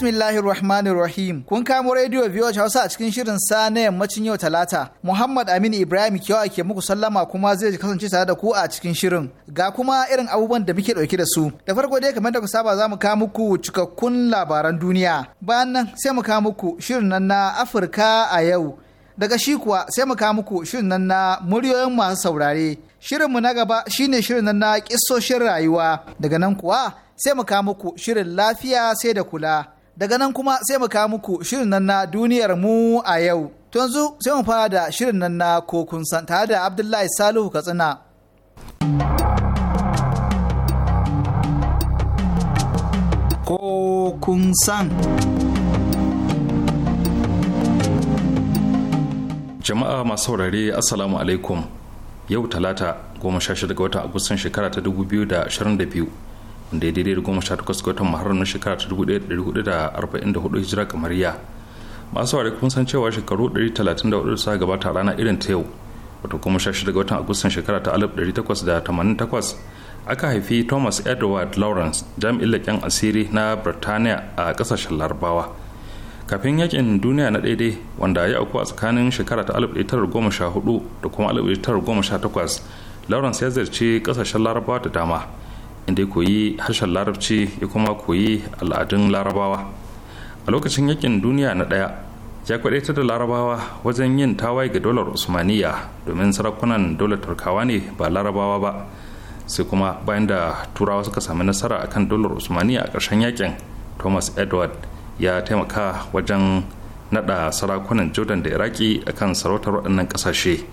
Bismillahirrahmanirrahim. Kun kamo rediyo VOH Hausa a cikin shirin sa na yammacin yau Talata. Muhammad Aminu Ibrahim Kiyawa ake muku sallama kuma zai kasance tare da ku a cikin shirin. Ga kuma irin abubuwan da muke dauke da su. Da farko dai kamar da ku saba za mu kawo muku cikakkun labaran duniya. Bayan nan sai mu kawo muku shirin nan na Afirka a yau. Daga shi kuwa sai mu kawo muku shirin nan na muryoyin masu saurare. Shirinmu na gaba shine shirin nan na kissoshin rayuwa. Daga nan kuwa sai mu kawo muku shirin lafiya sai da kula. daga nan kuma sai mu kawo muku shirin nan na duniyar mu a yau to yanzu sai mu fara da shirin nan na kokun san tare da abdullahi salihu katsina kokun san jama'a masu saurare assalamu alaikum yau talata goma sha ga watan agustan shekara ta 2022 wanda ya daidai da goma sha takwas ga watan maharar na shekara ta dubu ɗaya da hudu da arba'in da hudu hijira kamariya masu ware kun san cewa shekaru ɗari talatin da hudu da gabata rana irin ta yau wato goma sha shida ga watan agustan shekara ta alif ɗari takwas da tamanin takwas aka haifi thomas edward lawrence jami'in leƙen asiri na birtaniya a ƙasashen larabawa kafin yakin duniya na daidai wanda ya auku a tsakanin shekara ta 1914 da kuma 1918 lawrence ya ziyarci kasashen larabawa da dama inda ya koyi harshen larabci ya kuma koyi al'adun larabawa a lokacin yakin duniya na ɗaya ya kwadaita da larabawa wajen yin tawaye ga dolar usmaniya domin sarakunan dolar turkawa ne ba larabawa ba sai kuma bayan da turawa suka sami nasara akan dolar usmaniya a ƙarshen yakin thomas edward ya taimaka wajen nada sarakunan jordan da iraki akan sarautar waɗannan ƙasashe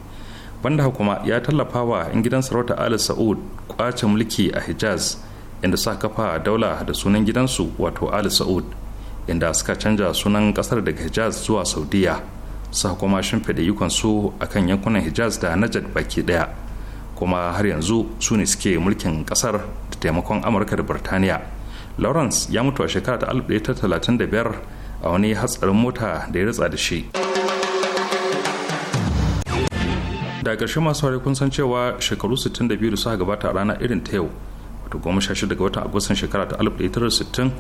banda kuma ya tallafa wa gidan sarauta ali sa'ud kwace mulki a hijaz inda suka kafa daula da sunan gidansu wato ali sa'ud inda suka canja sunan kasar daga hijaz zuwa saudiya suka kuma shimfiɗa ikonsu a kan yankunan hijaz da najad baki ɗaya kuma har yanzu su ne suke mulkin kasar da taimakon amurka da birtaniya lawrence ya mutu a shekara ta 1935 a wani hatsarin mota da ya ritsa da shi. da ƙarshe masu hari kun san cewa shekaru 62 da suka gabata a ranar irin ta yau wato goma sha shida ga watan agustan shekara ta 1960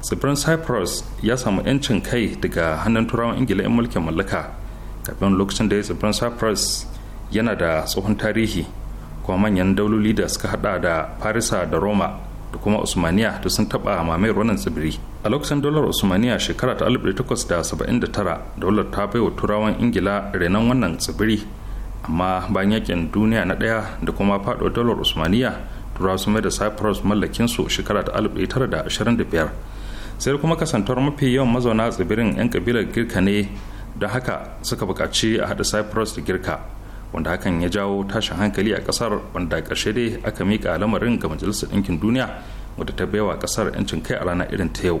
tsibirin cyprus ya samu 'yancin kai daga hannun turawan ingila 'yan mulkin mallaka kafin lokacin da ya tsibirin cyprus yana da tsohon tarihi kuma manyan dauloli da suka hada da farisa da roma da kuma usmaniya da sun taba mamayar wannan tsibiri a lokacin dolar usmaniya shekara ta 1879 daular ta baiwa turawan ingila renon wannan tsibiri amma bayan yakin duniya na ɗaya da kuma fado dalar usmaniya turawa su mai da cyprus su shekara ta 1925 sai kuma kasantar mafi yawan mazauna tsibirin 'yan kabilar girka ne da haka suka buƙaci a haɗa cyprus da girka wanda hakan ya jawo tashin hankali a kasar wanda ƙarshe dai aka miƙa lamarin ga majalisar ɗinkin duniya wadda ta baiwa ƙasar 'yancin kai a rana irin ta yau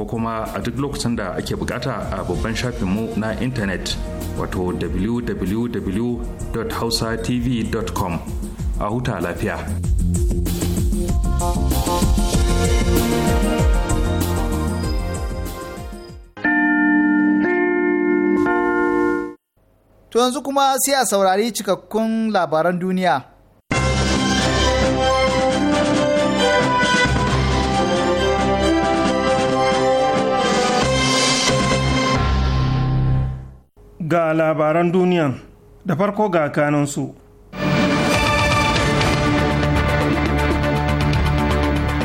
ko kuma a duk lokacin da ake bukata a babban shafinmu na intanet wato www.hausatv.com a huta lafiya. To yanzu kuma sai a saurari cikakkun labaran duniya. ga labaran duniya da farko ga kanansu.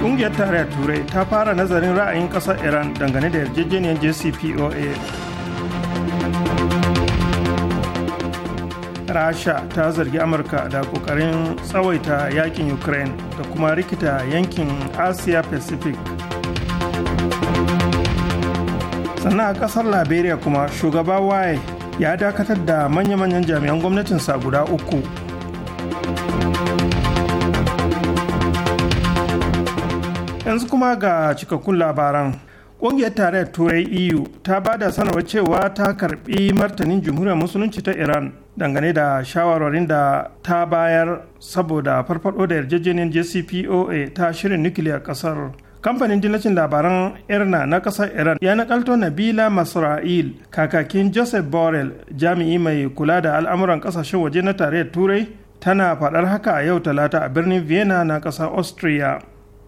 Ƙungiyar tarayyar Turai ta fara nazarin ra'ayin ƙasar Iran dangane da yarjejeniyar JCPOA. Rasha ta zargi Amurka da ƙoƙarin tsawaita yakin Ukraine da kuma rikita yankin Asia Pacific. sannan a ƙasar liberia kuma shugaba waye ya dakatar da manya-manyan jami'an gwamnatinsa guda uku yanzu kuma ga cikakkun labaran ƙungiyar tarayyar turai eu ta ba da sanarwar cewa ta karbi martanin jamhuriyar musulunci ta iran dangane da shawarwarin da ta bayar saboda farfado da yarjejeniyar jcpoa ta shirin nukiliyar kasar kamfanin dillacin labaran irna na ƙasar iran ya nakalto nabila masra'il kakakin joseph borrell jami'i mai kula da al'amuran ƙasashen waje na tarayyar turai tana faɗar haka a yau talata a birnin vienna na ƙasar austria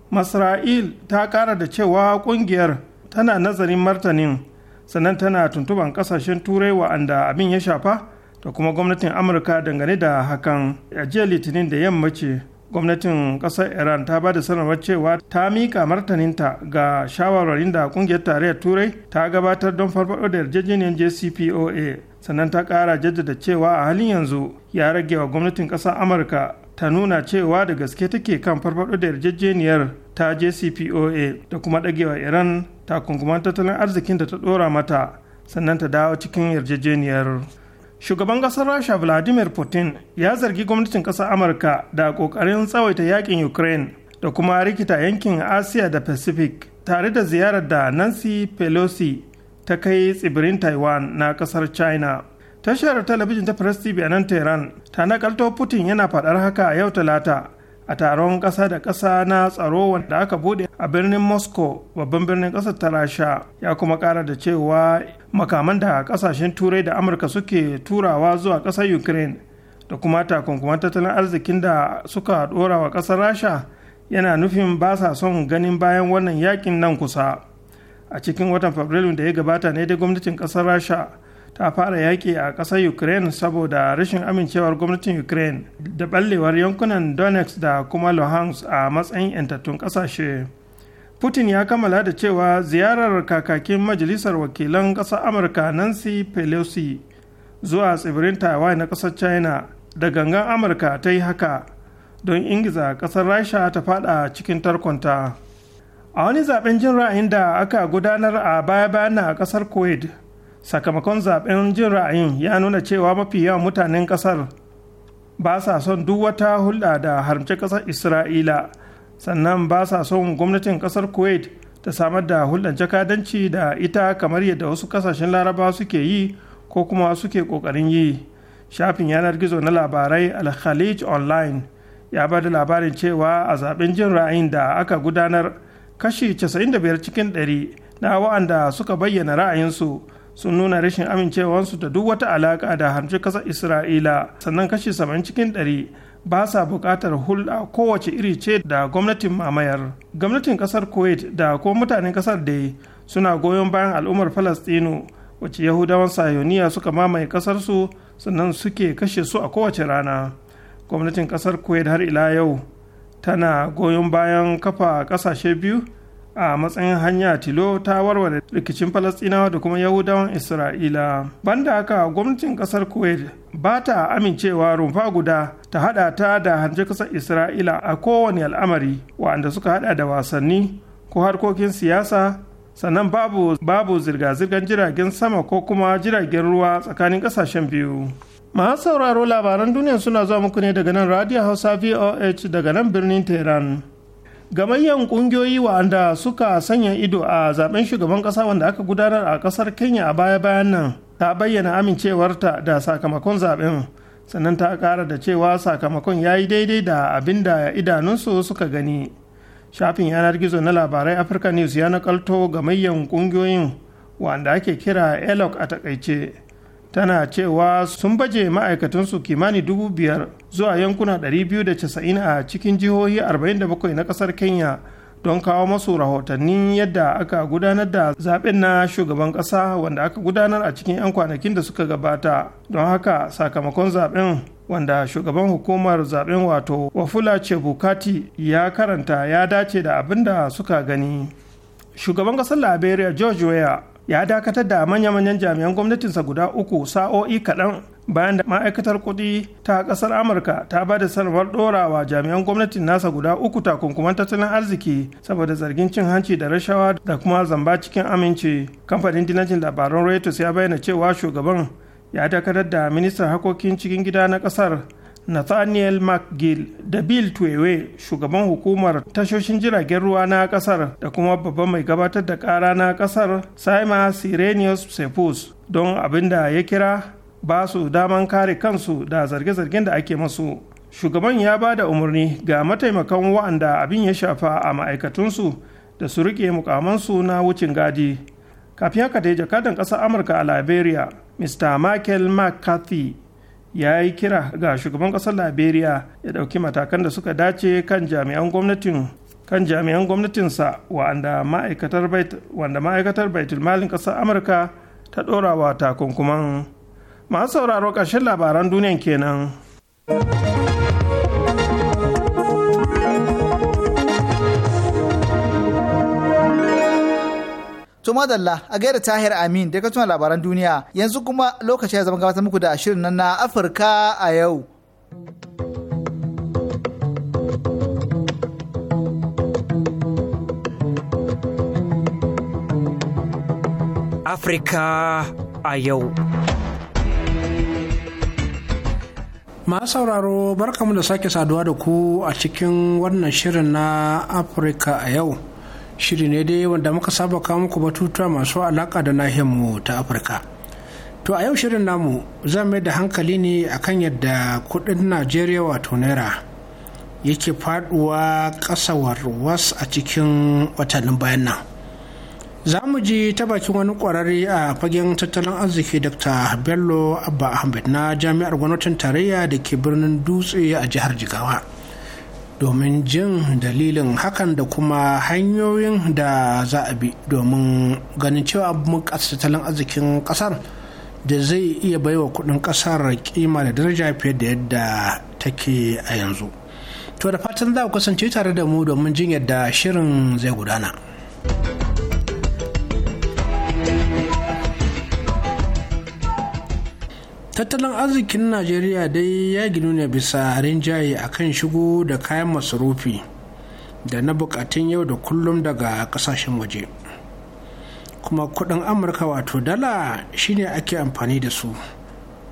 masra'il ta kara da cewa ƙungiyar tana nazarin martanin sannan tana tuntuban ƙasashen turai wa'anda abin ya shafa da kuma gwamnatin amurka dangane da hakan a jiya litinin da yamma ce gwamnatin ƙasar iran ta ba da sanarwar cewa ta mika martaninta ga shawarwarin da ƙungiyar tarayyar turai ta gabatar don farfaɗo da yarjejeniyar jcpoa sannan ta ƙara jaddada cewa a halin yanzu ya rage wa gwamnatin ƙasar amurka ta nuna cewa da gaske take kan farfaɗo da yarjejeniyar ta jcpoa da kuma ɗagewa iran takunkuman tattalin arzikin da ta ɗora mata sannan ta dawo cikin yarjejeniyar shugaban kasar rasha vladimir putin ya zargi gwamnatin ƙasar amurka da kokarin tsawaita yakin ukraine da kuma rikita yankin asiya da pacific tare da ziyarar da nancy pelosi ta kai tsibirin taiwan na kasar china tashar talabijin ta press tv a nan tehran ta nakalto putin yana faɗar haka a yau talata a taron ƙasa da ƙasa na tsaro wanda aka bude a birnin moscow babban birnin ƙasar ta rasha ya kuma ƙara da cewa makaman da ƙasashen turai da amurka suke turawa zuwa ƙasar ukraine da kuma takunkuman tattalin arzikin da suka ɗora wa ƙasar rasha yana nufin ba sa son ganin bayan wannan yakin nan kusa a cikin watan fabrilu da ya gabata ne dai gwamnatin ƙasar rasha ta fara yaƙi a ƙasar ukraine saboda rashin amincewar gwamnatin ukraine da ɓallewar yankunan donetsk da kuma luhansk a matsayin 'yantattun ƙasashe putin ya kammala da cewa ziyarar kakakin majalisar wakilan ƙasar amurka nancy pelosi zuwa tsibirin taiwan na ƙasar china da gangan amurka ta yi haka don ingiza ƙasar rasha ta fada cikin tarkonta a wani zaben jin ra'ayin da aka gudanar a baya-bayan a ƙasar kuwait sakamakon zaben jin ra'ayin ya nuna cewa mafi yawan mutanen kasar ba sa son duk wata hulɗa da harmce kasar isra'ila sannan ba sa son gwamnatin kasar kuwait ta samar da hulɗar jakadanci da ita kamar yadda wasu kasashen laraba suke yi ko kuma suke ƙoƙarin yi shafin yanar gizo na labarai al online ya ba da labarin cewa a zaben jin ra'ayin da aka gudanar kashi 95 cikin 100 na wa'anda suka bayyana ra'ayinsu sun nuna rashin amincewarsu da duk wata alaƙa da hamshi kasar isra'ila sannan kashi 70 cikin ɗari ba sa buƙatar hulɗa kowace iri ce da gwamnatin mamayar gwamnatin ƙasar kuwait da ko mutanen ƙasar da suna goyon bayan al'ummar falastinu wacce yahudawan sayoniya suka mamaye ƙasarsu sannan suke kashe su a kowace rana gwamnatin ƙasar kuwait har ila yau tana goyon bayan kafa ƙasashe biyu a matsayin hanya tilo ta warware rikicin Falasɗinawa da kuma yahudawan isra'ila banda haka gwamnatin ƙasar kuwait ba ta amincewa rumfa guda ta hada ta da hanci kasar isra'ila a kowane al'amari wa'anda suka hada da wasanni ko harkokin siyasa sannan babu babu zirga-zirgar jiragen sama ko kuma jiragen ruwa tsakanin ƙasashen biyu masu sauraro labaran duniya suna zuwa muku ne daga nan radio hausa voh daga nan birnin tehran gamayyan kungiyoyi wa'anda suka sanya ido a zaben shugaban kasa wanda aka gudanar a kasar kenya a baya-bayan nan ta bayyana amincewarta da sakamakon zaben sannan ta kara da cewa sakamakon ya yi daidai da abin da idanunsu suka gani shafin yanar gizo na labarai afirka news ya nakalto gamayyan kungiyoyin wanda ake kira eloc a takaice tana cewa sun baje ma'aikatansu kimani dubu biyar zuwa yankuna 290 a cikin jihohi 47 na kasar kenya don kawo masu rahotannin yadda aka gudanar da zaben na shugaban kasa wanda aka gudanar a cikin 'yan kwanakin da suka gabata don haka sakamakon zaben wanda shugaban hukumar zaben wato wafula Bukati ya karanta ya dace da abin da suka gani shugaban kasar liberia george weah ya dakatar da manya-manyan jami'an gwamnatinsa guda uku sa'o'i kaɗan bayan da ma'aikatar kuɗi ta ƙasar amurka ta ba da sanarwar ɗorawa jami'an gwamnatin nasa guda uku takunkuman tattalin arziki saboda zargin cin hanci da rashawa da kuma zamba cikin aminci kamfanin dinajin labaran reuters ya bayyana cewa shugaban ya dakatar da ministan harkokin cikin gida na ƙasar nathaniel mcgill da bill twewe shugaban hukumar tashoshin jiragen ruwa na kasar da kuma babban mai gabatar da kara na kasar sima sirenius sepus don abin da ya kira ba su daman kare kansu da zarge-zargen da ake masu shugaban ya ba da umarni ga mataimakan wa'anda abin ya shafa a ma'aikatunsu da su rike mukamansu na wucin gadi kafin haka dai jakadan ƙasar amurka a liberia mr michael mccarthy ya yi kira ga shugaban ƙasar liberia ya ɗauki matakan da suka dace kan jami'an gwamnatin kan jami'an gwamnatinsa wanda ma'aikatar wanda ma'aikatar ƙasar amurka ta ɗora wa takunkuman masu sauraro ƙarshen labaran duniyan kenan. To madalla a gaida Tahir Amin da tuna labaran duniya yanzu kuma lokaci ya zama gabatar muku da shirin nan na Afirka a yau. Afirka a yau. Masu sauraro barkamu da sake saduwa da ku a cikin wannan shirin na Afirka a yau. shiri ne dai wanda muka saba kawo muku batutuwa masu alaka da nahiyarmu ta afirka to a yau shirin namu za mai da hankali ne akan yadda kudin najeriya wato naira yake faduwa kasawar was a cikin watannin bayan nan za mu ji ta bakin wani kwararre a fagen tattalin arziki dr bello abba ahmed na jami'ar gwamnatin tarayya da ke birnin dutse a jihar jigawa domin jin dalilin hakan da kuma hanyoyin da za a bi domin ganin cewa mun tattalin arzikin ƙasar da zai iya baiwa kudin ƙasar kima da daraja fiye da yadda take a yanzu to da fatan za ku kasance tare da mu domin jin yadda shirin zai gudana tattalin arzikin najeriya dai ya ginu ne bisa rinjaye a kan shigo da kayan masarufi da na bukatun yau da kullum daga kasashen waje kuma kudin amurka wato dala shine ake amfani da su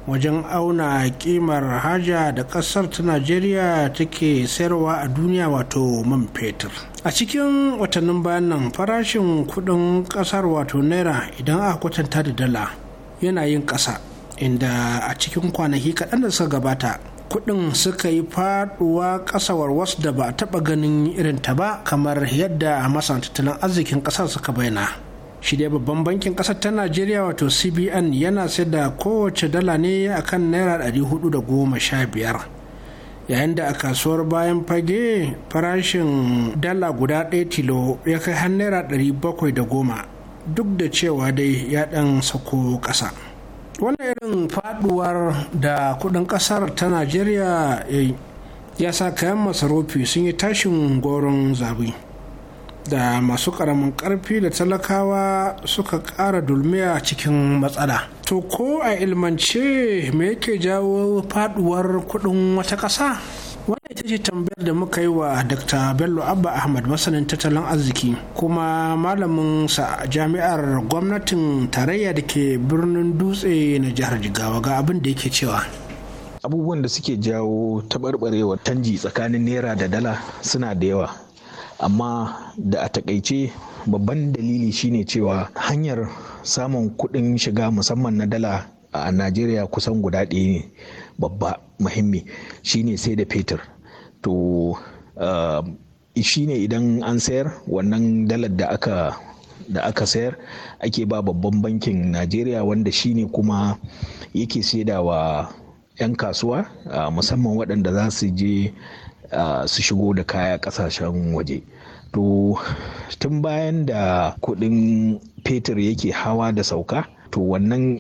wajen auna kimar haja da kasar ta najeriya take sayarwa a duniya wato man fetur a cikin watannin bayan nan farashin kudin kasar wato naira idan aka kwatanta da dala yana yin kasa inda a cikin kwanaki kaɗan da suka gabata kuɗin suka yi faɗuwa ƙasawar wasu da ba a taɓa ganin irin ta ba kamar yadda masan tattalin arzikin ƙasar suka bayyana shi dai babban bankin ƙasar ta najeriya wato cbn yana sai da kowace dala ne akan naira hudu da goma sha biyar, yayin da a kasuwar bayan fage farashin dala guda ɗaya tilo ya kai har naira ɗari bakwai da goma duk da cewa dai ya ɗan sako ƙasa wannan irin faduwar da kudin kasar ta najeriya eh, ya sa kayan masarufi sun yi tashin goron zabi da masu karamin karfi da talakawa suka kara dulmiya cikin matsala to ko a ilmance me yake jawo faduwar kudin wata kasa ita ce tambayar da muka yi wa dr bello abba ahmad masanin tattalin arziki kuma malamin sa jami'ar gwamnatin tarayya da ke birnin dutse na jihar jigawa ga abin da yake cewa abubuwan da suke jawo taɓarɓarewar canji tsakanin naira da dala suna da yawa amma da a takaice babban dalili shine cewa hanyar samun kuɗin shiga musamman na dala a najeriya kusan guda ɗaya ne babba muhimmi shine sai da fetur to um, shi ne idan an sayar wannan dalar da aka da aka sayar ake ba babban bankin najeriya wanda shi ne kuma yake saidawa 'yan kasuwa musamman waɗanda za su je su shigo da kaya ƙasashen waje to tun bayan da kuɗin fetur yake hawa da sauka to wannan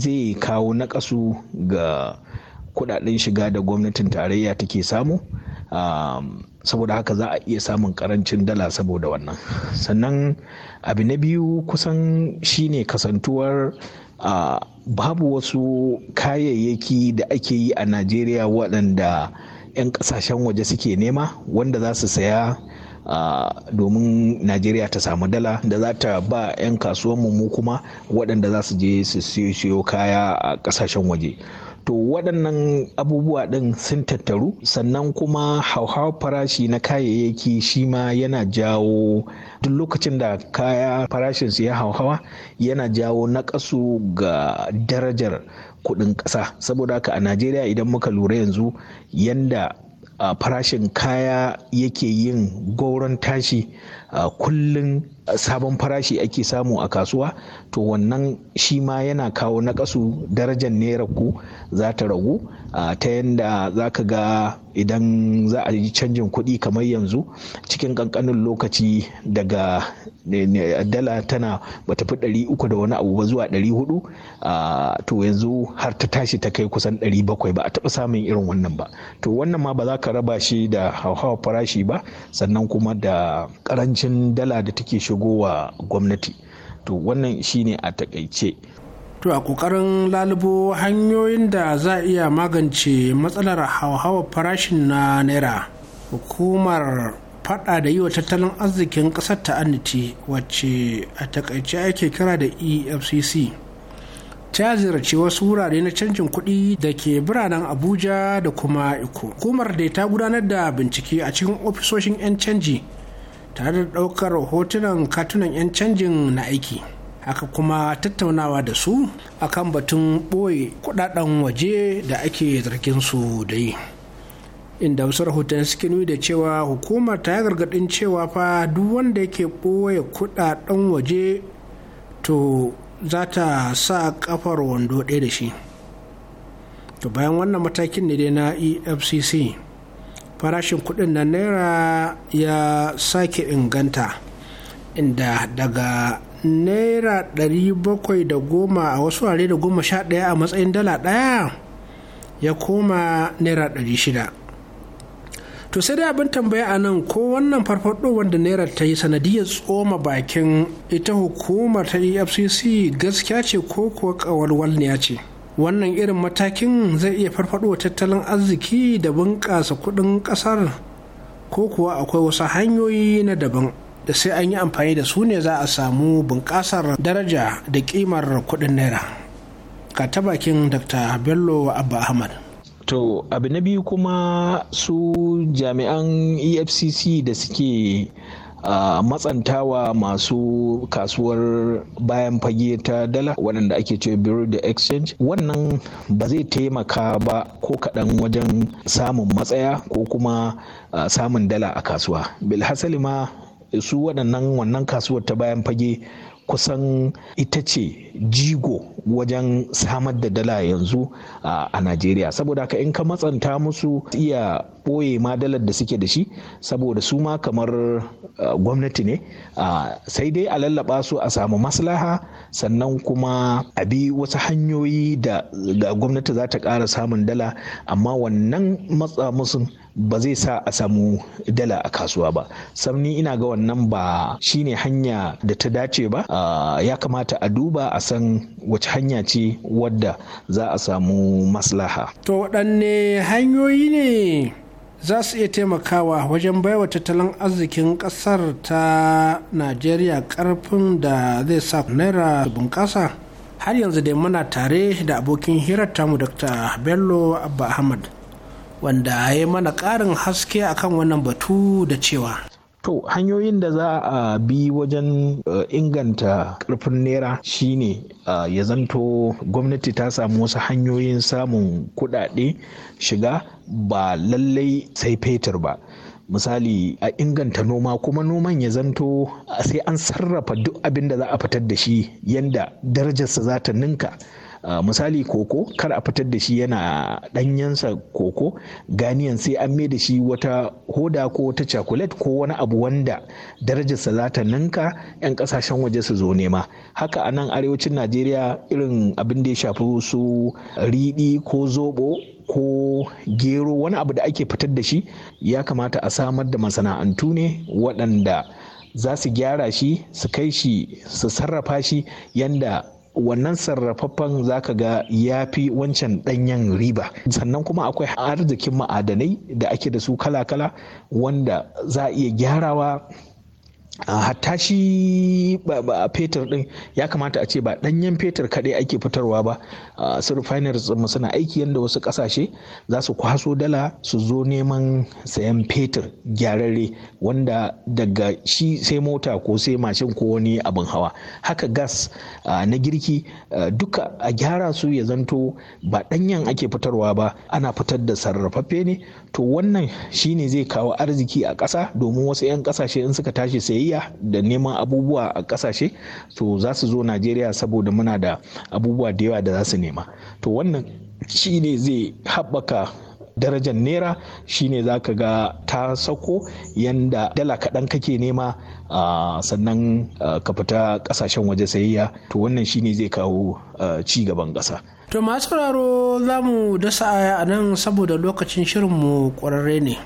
zai kawo naƙasu ga kuɗaɗen shiga da gwamnatin tarayya take samu Um, saboda haka za a iya samun karancin dala saboda wannan sannan abu na biyu kusan shine kasantuwar babu wasu kayayyaki da ake yi a najeriya waɗanda 'yan ƙasashen waje suke nema wanda za su saya Uh, domin najeriya ta samu dala da za ta ba 'yan kasuwanmu mu kuma waɗanda za su je su siyo kaya a ƙasashen waje to waɗannan abubuwa ɗin sun tattaru sannan kuma hauhawar farashi na kayayyaki shi ma yana jawo duk lokacin da kaya farashinsu ya hauhawa yana jawo naƙasu ga darajar kuɗin ƙasa saboda haka a najeriya idan muka lura yanzu yanda farashin kaya yake yin goron tashi kullum sabon farashi ake samu a kasuwa to wannan shi ma yana kawo nakasu darajar naira ku za ta ragu ta yadda za ka ga idan za a yi canjin kuɗi kamar yanzu cikin kankanin lokaci daga dala tana bata fi ɗari uku da wani abu ba zuwa ɗari hudu to yanzu har ta tashi ta kai kusan ɗari bakwai ba a taɓa samun irin wannan ba to wannan ma ba za ka raba shi da hauhawar farashi ba sannan kuma da ƙarancin karkashin dala da take shigowa gwamnati to wannan shine a takaice to a kokarin lalubo hanyoyin da za a iya magance matsalar hauhawar farashin na naira hukumar fada da yi wa tattalin arzikin kasar ta anniti wacce a takaice ake kira da efcc ta ziyarci wasu wurare na canjin kuɗi da ke biranen abuja da kuma iko hukumar da ta gudanar da bincike a cikin ofisoshin 'yan canji tare da ɗaukar hotunan katunan 'yan canjin na aiki haka kuma tattaunawa da su akan batun ɓoye kudaden waje da ake zargin su da yi inda wasu rahoton suke nuni da cewa hukumar ta gargaɗin cewa fa duk wanda yake ɓoye kudaden waje to za ta sa kafar wando ɗaya da shi to bayan wannan matakin ne dai na efcc farashin kudin na naira ya sake inganta inda daga naira 710 a wasu ware da goma sha daya a matsayin dala daya ya koma naira 600 to sai dai abin tambaya a nan ko wannan farfaɗo wanda naira ta yi sanadiyar tsoma bakin ita hukumar ta efcc gaskiya ce ko kuwa ƙawarwalniya ce wannan irin matakin zai iya farfaɗo tattalin arziki da bunƙasa kuɗin ƙasar ko kuwa akwai wasu hanyoyi na daban da sai an yi amfani da su ne za a samu bunƙasar daraja da ƙimar kuɗin naira ka ta bakin dr bello abba ahmad To abu na biyu kuma su jami'an EFCC da suke a matsantawa masu kasuwar bayan fage ta dala waɗanda ake ce bureau da exchange wannan ba zai taimaka ba ko kaɗan wajen samun matsaya ko kuma samun dala a kasuwa bilhassali ma su waɗannan wannan kasuwar ta bayan fage kusan ita ce jigo wajen samar da dala yanzu a najeriya saboda haka in ka matsanta musu iya ɓoye ma dalar da suke da shi saboda su ma kamar gwamnati ne sai dai a lallaba su a samu maslaha sannan kuma a bi wasu hanyoyi da gwamnati za ta ƙara samun dala amma wannan matsa musu. ba zai sa a samu dala a kasuwa ba samni ina ga wannan ba shine hanya da ta dace ba ya kamata a duba a san wace hanya ce wadda za a samu maslaha to waɗanne hanyoyi ne za su iya taimakawa wajen baiwa tattalin arzikin ƙasar ta najeriya ƙarfin da zai sa naira bunƙasa har yanzu dai muna tare da abokin hirar tamu dr bello abba ahmad wanda ya mana ƙarin haske akan wannan batu da cewa To hanyoyin da za a bi wajen eh, inganta karfin naira shine eh, ya zanto gwamnati ta samu wasu hanyoyin samun kuɗaɗe shiga ba lallai sai fetur ba. misali a inganta noma kuma noman ya zanto eh, sai an sarrafa duk abin da za a fitar da shi yadda darajarsa za ta ninka misali koko kar a fitar da shi yana ɗanyensa koko ganiyan sai an mai da shi wata hoda ko wata cakulet ko wani abu wanda darajarsa za ta ninka 'yan kasashen waje su zo nema haka a nan arewacin najeriya irin abin da ya shafi su riɗi ko zobo ko gero wani abu da ake fitar da shi ya kamata a samar da masana'antu ne waɗanda za su gyara shi su kai shi su sarrafa shi yanda wannan sarrafaffen zaka ga ya fi wancan ɗanyen riba sannan kuma akwai arzikin ma'adanai da ake da su kala-kala wanda za a iya gyarawa hatta shi ba fetur din ya kamata a ce ba danyen fetur kaɗai ake fitarwa ba su refiners mu suna aiki yadda wasu ƙasashe za su kwaso dala su zo neman sayan fetur gyararre wanda daga shi sai mota ko sai mashin ko wani abin hawa haka gas na girki duka a gyara su ya zanto ba danyen ake fitarwa ba ana fitar da sarrafaffe ne to wannan shine zai kawo arziki a ƙasa domin wasu 'yan ƙasashe in suka tashi sayayya da neman abubuwa a ƙasashe to za su zo najeriya saboda muna da abubuwa da yawa da za su nema to wannan shine zai haɓaka darajar shi shine za ka ga ta sako yanda dala kaɗan kake nema a sannan ka fita ƙasashen waje sayayya to wannan shine zai kawo ci gaban ƙasa To masu sauraro za mu dasa aya a nan saboda lokacin shirinmu ƙwararre ne.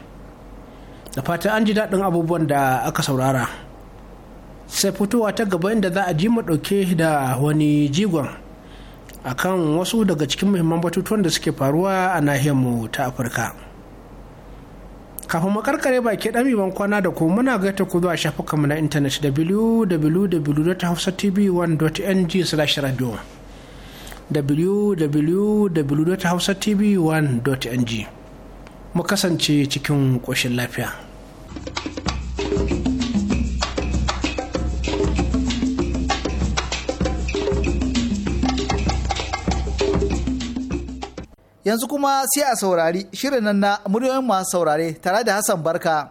Da fata an ji daɗin abubuwan da aka saurara. Sai fitowa ta gaba inda za a ji mu ɗauke da wani jigon a kan wasu daga cikin muhimman batutuwan da suke faruwa a nahiyarmu ta Afirka. Kafin makarkare baki ɗami ban kwana da kuma muna gaita ku zuwa shafukanmu na intanet www.hausatv1.ng/radio. www.hausatv1.ng mu kasance cikin ƙoshin lafiya. Yanzu kuma sai a saurari shirin nan na muryoyin masu saurare tare da Hassan Barka.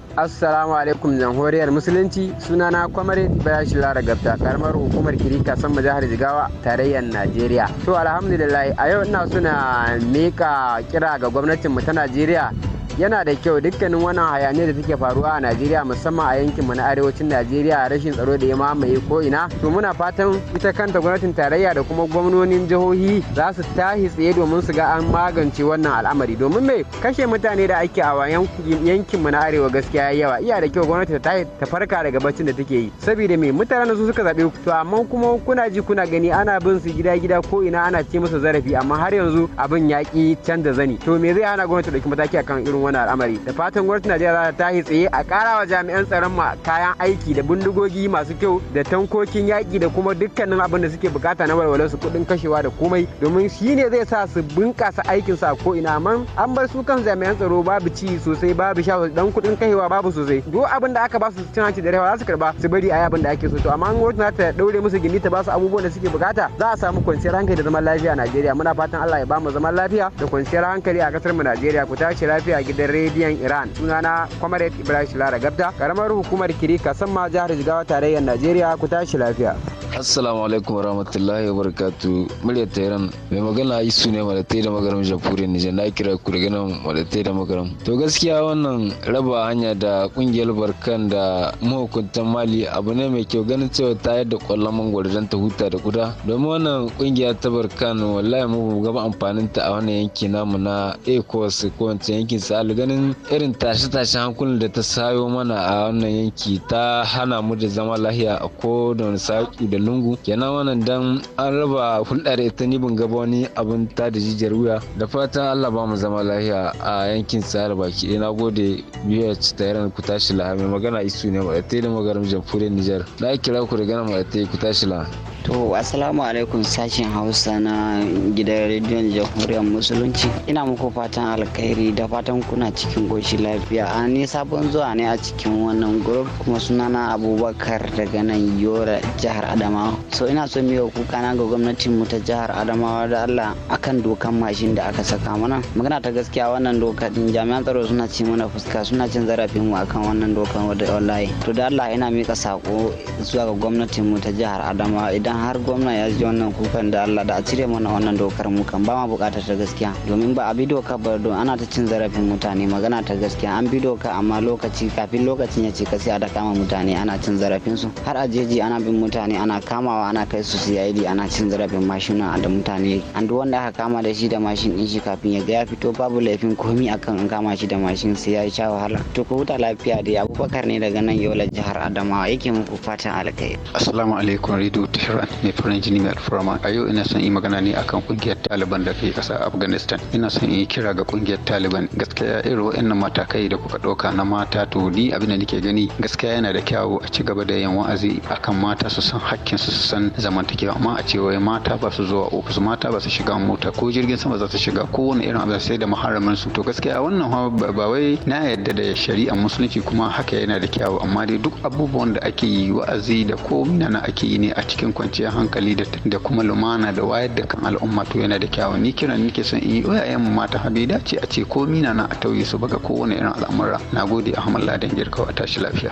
assalamu alaikum jamhuriyar musulunci sunana kwamare bayashi lara gabta karamar hukumar kirika san jihar jigawa tarayyar najeriya to alhamdulillah a yau ina suna mika kira ga gwamnatinmu ta najeriya yana da kyau dukkanin wannan hayaniyar da take faruwa a najeriya musamman a yankin mu na arewacin najeriya rashin tsaro da ya mamaye ko ina to muna fatan ita kanta gwamnatin tarayya da kuma gwamnonin jihohi za su tahi tsaye domin su ga an magance wannan al'amari domin me kashe mutane da ake a yankin mu na arewa gaskiya ya yawa iya da kyau gwamnati ta ta farka daga baccin da take yi saboda me mutanen su suka zabe to amma kuma kuna ji kuna gani ana bin su gida gida ko ina ana ce musu zarafi amma har yanzu abin ya ki canza zani to me zai hana gwamnati dauki mataki akan irin wani al'amari da fatan gwamnatin najeriya za ta yi tsaye a wa jami'an tsaron ma kayan aiki da bindigogi masu kyau da tankokin yaƙi da kuma dukkanin abin da suke bukata na walwala su kuɗin kashewa da komai domin shi ne zai sa su bunƙasa aikin sa ko ina man an bar su kan jami'an tsaro babu ci sosai babu sha dan kuɗin kashewa babu sosai duk abin da aka ba su cin hanci da rawa za su karba su bari ayi abin da ake so to amma gwamnati ta daure musu gindi ta ba su abubuwan da suke bukata za a samu kwanciyar hankali da zaman lafiya a Najeriya muna fatan Allah ya ba mu zaman lafiya da kwanciyar hankali a kasar mu Najeriya ku tashi lafiya gidan rediyon Iran. Sunana Comrade Ibrahim Lara Gabda, karamar hukumar Kirika ma jihar Jigawa tarayyar Najeriya ku tashi lafiya. assalamu alaikum warahmatullahi barakatu. murya tehran mai magana su ne malatai da magaram jafuri nijar na kira ku daga nan malatai da magaram to gaskiya wannan raba hanya da kungiyar barkan da mahukuntan mali abu ne mai kyau ganin cewa ta yadda kwallon mangwaro don ta huta da guda domin wannan kungiya ta barkan wallahi mu gaba amfanin ta a wannan yanki namu na ecos ko wancan yankin sa'alu ganin irin tashe-tashen hankulan da ta sayo mana a wannan yanki ta hana mu da zama lahiya a ko da wani saƙi da lungu kenan wannan dan an raba hulɗar ita ni ban gaba wani abin ta da jijiyar wuya da fatan Allah ba mu zama lafiya a yankin Sahel baki ɗaya nagode biyar ta yaran ku tashi la mai magana isu ne mai tele magaram jamhuriyar Nijar na kira ku da gana yi ku tashi la to assalamu alaikum sashen Hausa na gidan rediyon jamhuriyar musulunci ina muku fatan alkhairi da fatan kuna cikin goshi lafiya a ni sabon zuwa ne a cikin wannan group kuma sunana Abubakar daga nan Yora jihar Adam adamawa so ina so miyo kuka na ga gwamnatin mu ta jihar adamawa da allah akan dokan mashin da aka saka mana magana ta gaskiya wannan doka din jami'an tsaro suna ci mana fuska suna cin zarafin mu akan wannan dokan wadda wallahi to da allah ina mika sako zuwa ga gwamnatin mu ta jihar adamawa idan har gwamna ya ji wannan kukan da allah da a cire mana wannan dokar mu kan ba ma bukatar ta gaskiya domin ba a bi doka ba don ana ta cin zarafin mutane magana ta gaskiya an bi doka amma lokaci kafin lokacin ya ce sai a da kama mutane ana cin zarafin su har a jeji ana bin mutane ana kamawa ana kai su CID ana cin zarafin mashina da mutane an duk wanda aka kama da shi da mashin din shi kafin ya ga ya fito babu laifin komi akan an kama shi da mashin sai ya sha wahala to ku huta lafiya dai abubakar ne daga nan yola jihar adamawa yake muku fatan alkai assalamu alaikum radio tehran mai farin jini mai alfarma a yau ina son yi magana ne akan kungiyar taliban da ke kasa afghanistan ina son yi kira ga kungiyar taliban gaskiya irin wa'annan matakai da kuka ɗauka na mata to ni abin da nake gani gaskiya yana da kyawu a ci gaba da yin wa'azi akan mata su san hakki aikin su su san zamantakewa amma a cewa mata ba su zuwa ofis mata ba su shiga mota ko jirgin sama za su shiga kowane irin abu sai da maharamin su to gaskiya wannan ba wai na yadda da shari'a musulunci kuma haka yana da kyawu amma dai duk abubuwan da ake yi wa'azi da komi na ake yi ne a cikin kwanciyar hankali da kuma lumana da wayar da kan al'umma to yana da kyawu ni kiran nake son in yi wayayen mata da ce a ce komi na a tauye su baka kowane irin al'amura nagode ahmad ladan a tashi lafiya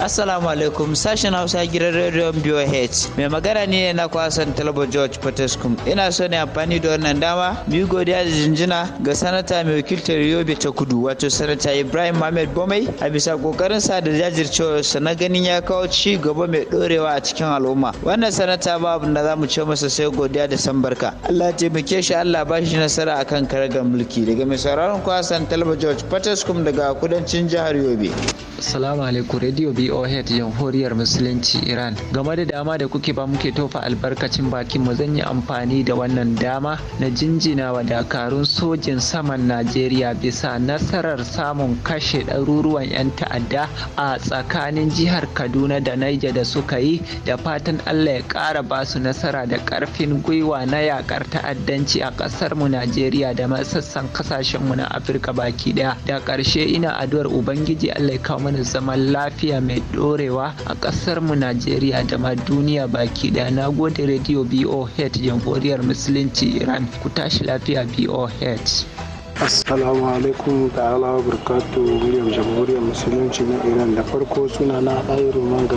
Assalamu alaikum sashen Hausa gidan Radio BOH. Mai magana ne na kwasan Talba George Potescum. Ina so ne amfani da wannan dama mu godiya da jinjina ga sanata mai wakiltar Yobe ta Kudu wato sanata Ibrahim Ahmed Bomai a bisa kokarin sa da jajircewa na ganin ya kawo ci gaba mai dorewa a cikin al'umma. Wannan sanata ba abin da zamu ce masa sai godiya da san barka. Allah ya taimake shi Allah ba shi nasara akan karagar mulki. Daga mai sauraron kwasan Talba George Potescum daga kudancin jihar Yobe. Assalamu alaikum Radio voh jamhuriyar musulunci iran game da dama da kuke ba muke tofa albarkacin bakin mu zan yi amfani da wannan dama na jinjina wa dakarun sojin saman najeriya bisa nasarar samun kashe ɗaruruwan 'yan ta'adda a tsakanin jihar kaduna da naija da suka yi da fatan allah ya ƙara ba su nasara da ƙarfin gwiwa na yaƙar ta'addanci a ƙasar mu najeriya da sassan kasashen mu na afirka baki ɗaya da ƙarshe ina addu'ar ubangiji allah ya kawo mana zaman lafiya mai mai dorewa a ƙasar mu Najeriya da ma duniya baki daya. Na gode Radio BOH Jamhuriyar Musulunci Iran. Ku tashi lafiya BOH. assalamu alaikum ta'ala burkatu William jamhuriyar musulunci na iran da farko suna na ɗayi roman da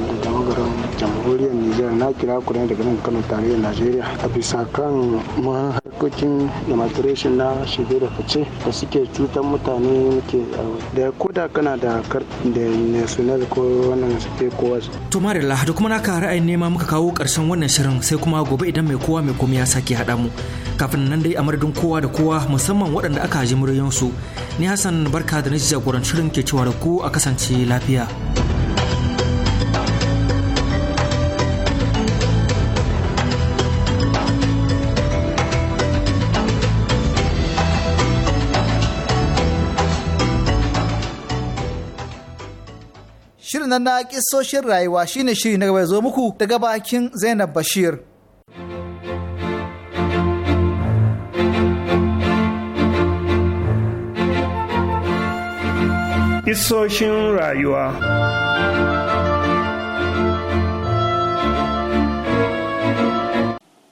jamhuriyar Nijar na kira ku ne daga nan Kano tarayyar Najeriya a bisa kan ma harkokin immigration na shige da fice da suke cutar mutane muke da koda kana da kartin da national ko wannan suke kowa. To Marilla da kuma naka ra'ayin nema muka kawo karshen wannan shirin sai kuma gobe idan mai kowa mai komai ya sake haɗa mu kafin nan dai a madadin kowa da kowa musamman waɗanda aka ji muryansu ni Hassan barka da na jagorancin shirin ke cewa da ku a kasance lafiya. shirin na kisoshin rayuwa shine shiri na gaba zo muku daga bakin Zainab Bashir. Kisoshin rayuwa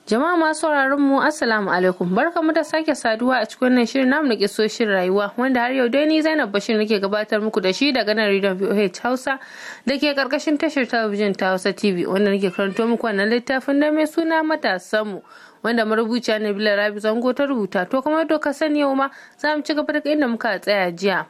Jama'a masu sauraron mu Assalamu alaikum barkamu da sake saduwa a cikin wannan shirin namu na kisoshin rayuwa wanda har yau dai ni Zainab Bashir nake gabatar muku da shi daga nan Radio VOH Hausa dake karkashin tashar talabijin ta Hausa TV wanda nake karanto muku wannan littafin da mai suna matasan mu wanda marubuciya Nabila Rabi Zango ta rubuta to kuma doka ka sani yau ma za mu ci gaba da inda muka tsaya jiya.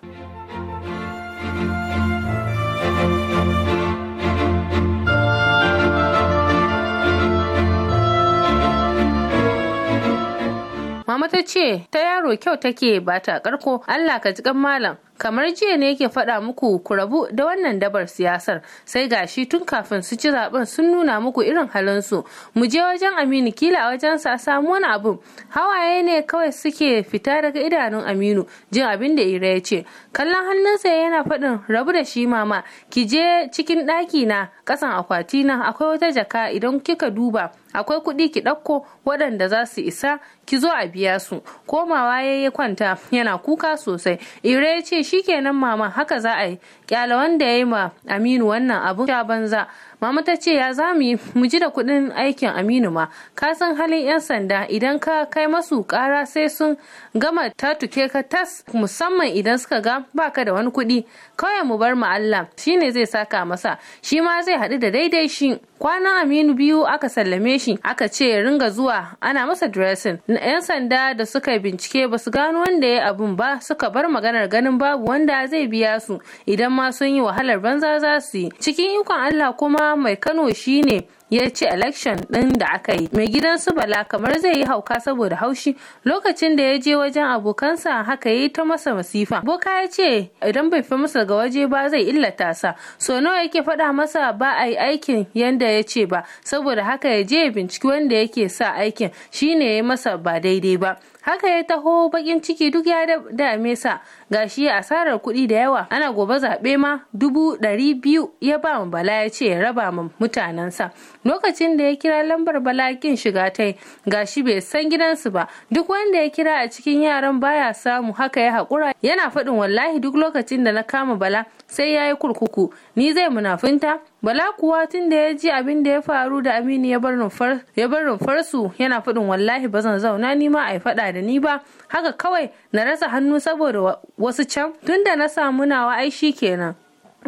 Wata ce ta yaro kyau take ba ta karko Allah ka ji kan malam kamar jiya ne yake faɗa muku ku rabu da wannan dabar siyasar sai gashi tun kafin su ci zaben sun nuna muku irin halinsu mu je wajen aminu kila a wajen sa samu wani abin hawaye ne kawai suke fita daga idanun aminu jin abin da ira ya ce kallon hannunsa yana faɗin rabu da shi mama ki je cikin ɗaki na ƙasan akwati na akwai wata jaka idan kika duba akwai kuɗi ki ɗauko waɗanda za su isa ki zo a biya su komawa ya kwanta yana kuka sosai ire ya ce shi shikenan mama haka za a yi kyala wanda ya yi ma aminu wannan abun sha banza mama ta ce ya za mu ji da kuɗin aikin aminu ma ka san halin yan sanda idan ka kai masu kara sai sun gama ta tatuke ka tas musamman idan suka ga baka da wani kuɗi kawai mu bar mu Allah shi ne zai saka masa shi ma zai haɗu da daidai shi kwanan aminu biyu aka sallame shi aka ce ya ringa zuwa ana masa dressing yan sanda da suka bincike basu gano wanda ya abun ba suka bar maganar ganin babu wanda zai biya su idan ma sun yi wahalar banza za su yi cikin ikon allah kuma mai kano shi ne ya ci election ɗin da aka yi mai gidan su bala kamar zai yi hauka saboda haushi lokacin da ya je wajen abokansa haka yi ta masa masifa boka ya ce idan bai fi masa ga waje ba zai illata sa so nawa yake faɗa masa ba a yi aikin yanda ya ce ba saboda haka ya je binciki wanda yake sa aikin shine ya yi masa ba daidai ba haka ya taho bakin ciki duk ya dame sa gashi ya asarar kuɗi da yawa ana gobe zaɓe ma dubu ɗari biyu ya ba mu bala ya ce ya raba ma mutanensa lokacin da ya kira lambar bala kin shiga tai gashi bai san gidansu ba duk wanda ya kira a cikin yaran baya samu haka ya haƙura yana faɗin wallahi duk lokacin da na kama bala sai ya yi kurkuku ni zai munafunta Bala kuwa tun da ya ji abin da ya faru da Aminu ya bar rumfarsu yana faɗin wallahi ba zan zauna ni ma a yi faɗa da ni ba haka kawai na rasa hannu saboda wasu can tunda na samu nawa ai kenan.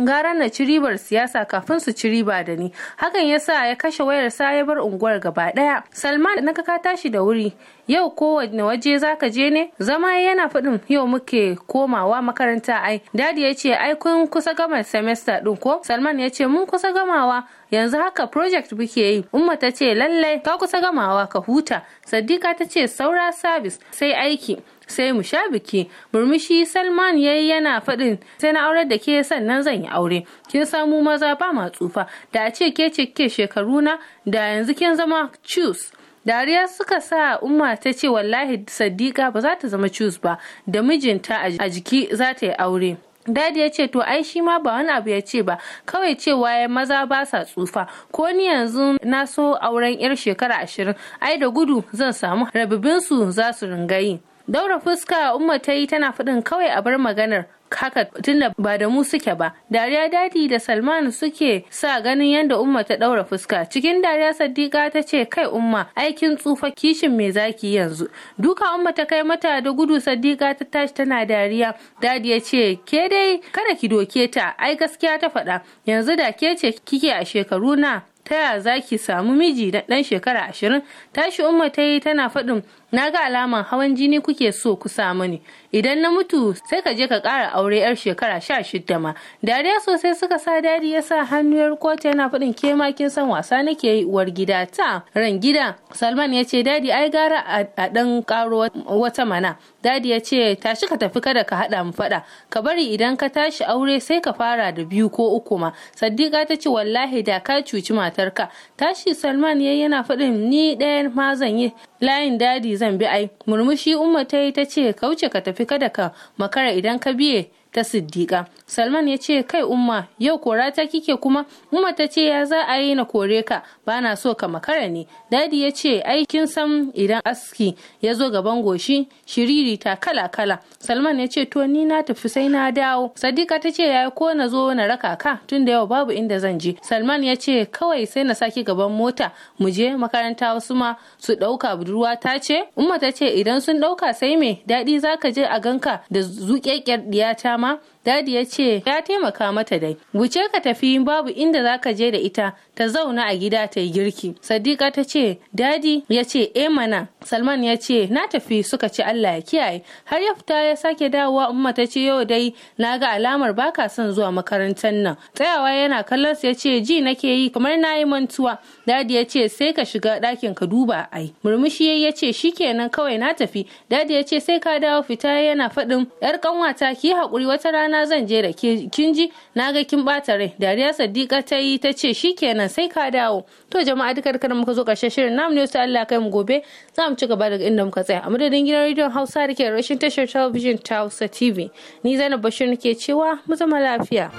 gara na ci ribar siyasa kafin su ci riba da ni hakan ya sa ya kashe wayar sa ya bar unguwar gaba daya salman na ka tashi da wuri yau kowane waje zaka je ne zama yana faɗin yau muke komawa makaranta ai dadi ya ce ai kun kusa gama semester din ko salman ya ce mun kusa gamawa yanzu haka project muke yi umma ta ce lallai ka kusa gamawa ka huta saddika ta ce saura service sai aiki sai mu sha biki murmushi salman ya yi yana faɗin sai na aure da ke sannan zan yi aure kin samu maza ba ma tsufa da a ce ke ce ke shekaru na da yanzu kin zama cus dariya suka sa umma ta ce wallahi sadiqa ba za ta zama cus ba da mijinta a jiki za ta yi aure Dadi ya ce to ai shi ma ba wani abu ya ce ba kawai cewa ya maza ba sa tsufa ko ni yanzu na so auren yar shekara ashirin ai da gudu zan samu rabibinsu za su ringa yi. daura fuska umma ta yi tana faɗin kawai a bar maganar haka tunda ba da mu suke ba dariya dadi da salman suke sa ganin yadda umma ta daura fuska cikin dariya Sadiqa ta ce kai umma aikin tsufa kishin me zaki yanzu duka umma ta kai mata da gudu Sadiqa ta tashi tana dariya dadi ya ce ke dai kada ki doke ta ai gaskiya ta faɗa yanzu da ke ce kike a shekaru na ta ya za samu miji na ɗan shekara ashirin tashi umma ta yi tana faɗin na ga alaman hawan jini kuke so ku samu mani idan na mutu sai ka je ka ƙara aure yar shekara sha shidda ma dariya sosai suka sa dadi ya sa yar kotu yana faɗin ke ma kin san wasa nake yi uwar gida ta ran gida salman ya ce dadi ai gara a ɗan ƙaro wata mana dadi ya ce tashi ka tafi kada ka haɗa mu faɗa ka bari idan ka tashi aure sai ka fara da biyu ko uku ma saddiqa ta ce wallahi da ka cuci matarka tashi salman ya yana faɗin ni ɗayan ma zan yi layin dadi zan bi ai murmushi umma ta yi ta ce kauce ka tafi kada ka makara idan ka biye ta siddiƙa salman ya ce kai umma yau kora ta kike kuma umma ta ce ya za a yi na kore ka ba na so ka makara ne dadi ya ce aikin sam idan aski ya zo gaban goshi shiriri ta kala kala salman ya ce to ni na tafi sai na dawo sadiqa ta ce ya ko na zo na raka ka tun da yau babu inda zan je salman ya ce kawai sai na saki gaban mota mu je makaranta wasu ma su ɗauka budurwa ta ce umma ta ce idan sun ɗauka sai me daɗi zaka je a ganka da zuƙeƙƙiyar ɗiya ma ma Dadi ya ce ya taimaka mata dai. Wuce ka tafi babu inda za ka je da ita ta zauna a gida ta yi girki. Sadiqa ta ce dadi ya ce e mana. Salman ya ce na tafi suka ci Allah ya kiyaye. Har ya fita ya sake dawowa umma ta ce yau dai na ga alamar baka son zuwa makarantar nan. Tsayawa yana kallon ya ce ji nake yi kamar na yi mantuwa. Dadi ya ce sai ka shiga ɗakin ka duba ai. Murmushi ya ce shikenan kawai na tafi. Dadi ya ce sai ka dawo fita yana faɗin 'yar ƙanwata ki hakuri wata rana na zan je da ke kin ji na ga kin bata rai dariya sadiqa ta yi ta ce shi kenan sai ka dawo to jama'a duka da muka zo karshen shirin namu ne sai Allah kai mu gobe za mu ci gaba daga inda muka tsaya a madadin gidan rediyon Hausa da ke rashin tashar television ta Hausa TV ni Zainab Bashir nake cewa mu zama lafiya.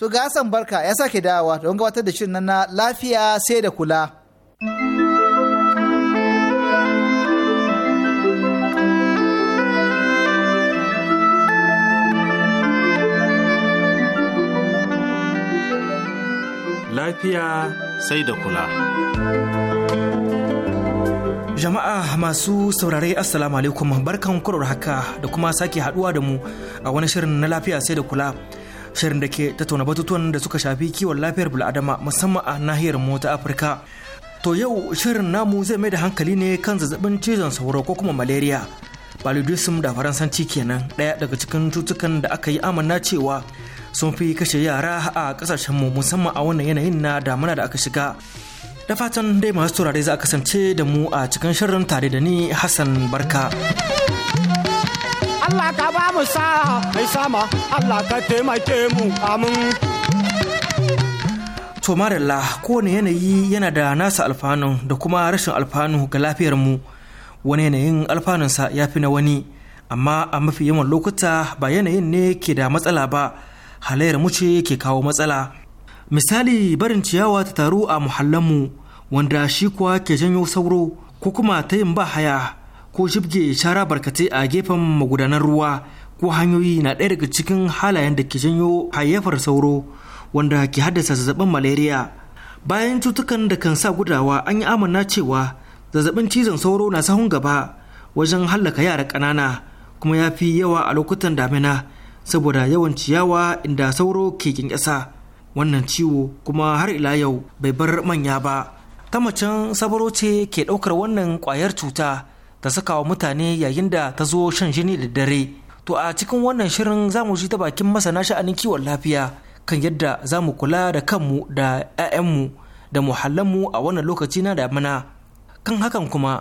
To ga Hassan Barka ya sake dawowa don gabatar da shirin na lafiya sai da kula. Lafiya sai da kula. Jama'a masu saurare Assalamu alaikum barkan kurar haka da kuma sake haduwa da mu a wani shirin na lafiya sai da kula. shirin da ke tattauna batutuwan da suka shafi kiwon lafiyar bil'adama musamman a nahiyar mu ta Afirka. To yau shirin namu zai mai da hankali ne kan zazzabin cizon sauro ko kuma malaria. Paludism da Faransanci kenan ɗaya daga cikin cutukan da aka yi amanna cewa sun fi kashe yara a kasashen mu musamman a wannan yanayin na damuna da aka shiga. Da fatan dai masu turare za a kasance da mu a cikin shirin tare da ni Hassan Barka. Allah ka ba mu sa mai sama Allah ka taimake mu amin to marilla kowane yanayi yana da nasa alfanun da kuma rashin alfanu ga lafiyar mu wani yanayin alfanunsa ya fi na wani amma a mafi yawan lokuta ba yanayin ne ke da matsala ba halayyar mu ce ke kawo matsala misali barin ciyawa ta taru a muhallanmu wanda shi kuwa ke janyo sauro ko kuma ta yin ba haya ko shibge shara barkatai a gefen magudanar ruwa ko hanyoyi na ɗaya daga cikin halayen da ke janyo hayyafar sauro wanda ke haddasa zazzabin malaria bayan cutukan da kan sa gudawa an yi amana cewa zazzabin cizon sauro na sahun gaba wajen hallaka yara ƙanana kuma ya fi yawa a lokutan damina saboda yawan ciyawa inda sauro ke ƙyanƙyasa wannan ciwo kuma har ila yau bai bar manya ba ta macen sabaro ce ke ɗaukar wannan ƙwayar cuta ta saka wa mutane yayin da ta zo shan jini da dare to a cikin wannan shirin za mu ji ta bakin masana sha'anin kiwon lafiya kan yadda za mu kula da kanmu da 'ya'yanmu da muhallanmu a wannan lokaci na damina kan hakan kuma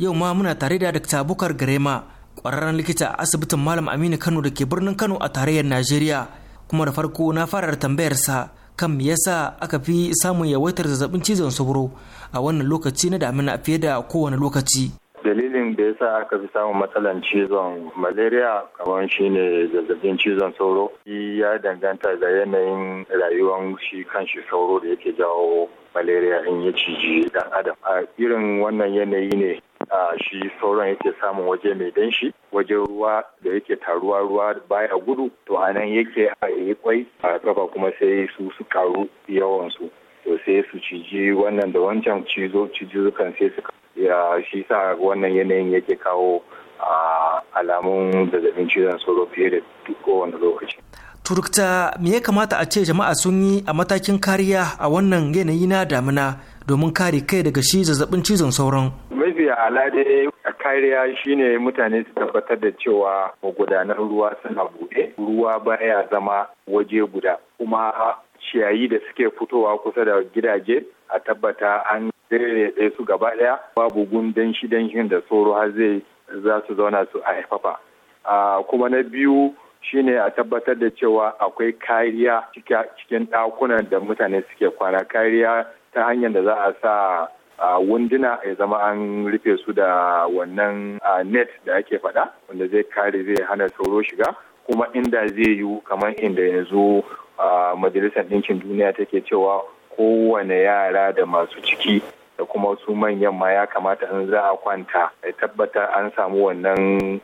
yau ma muna tare da Dr. Bukar Garema kwararren likita a asibitin Malam Aminu Kano da ke birnin Kano a tarayyar Najeriya kuma da farko na fara tambayarsa kan me yasa aka fi samun yawaitar zazzabin cizon sauro a wannan lokaci na damina fiye da kowane lokaci. dalilin da yasa aka fi samun matsalan cizon malaria kamar shine zazzabin cizon sauro ya danganta da yanayin rayuwar shi kanshi sauro da yake jawo malaria in ya ciji dan adam a irin wannan yanayi ne a shi sauran yake samun waje mai danshi wajen ruwa da yake taruwa ruwa baya gudu to a nan yake a yi kwai a gaba kuma sai su su karu yawansu to sai su ciji wannan da wancan cizo kan sai su ya shi sa wannan yanayin yake kawo alamun zazzabin cizon sauro fiye da kowane lokaci. turukta me ya kamata a ce jama'a sun yi a matakin kariya a wannan yanayi na damina domin kare kai daga shi zazzabin cizon sauron. mafi alade kariya shine mutane su tabbatar da cewa magudanar ruwa suna buɗe ruwa baya zama waje guda kuma ciyayi da suke fitowa kusa da gidaje a tabbata an daidaita su gaba ɗaya babu gundan shi danshin da tsoro har zai za su zauna su a haifafa kuma na biyu shine a tabbatar da cewa akwai kariya cikin ɗakunan da mutane suke kwana kariya ta hanyar da za a sa a wunduna ya zama an rufe su da wannan net da ake faɗa wanda zai kare zai hana sauro shiga kuma inda zai yiwu kamar inda yanzu a majalisar ɗinkin duniya take cewa kowane yara da masu ciki da kuma su manyan ma ya kamata in za a kwanta a tabbata an samu wannan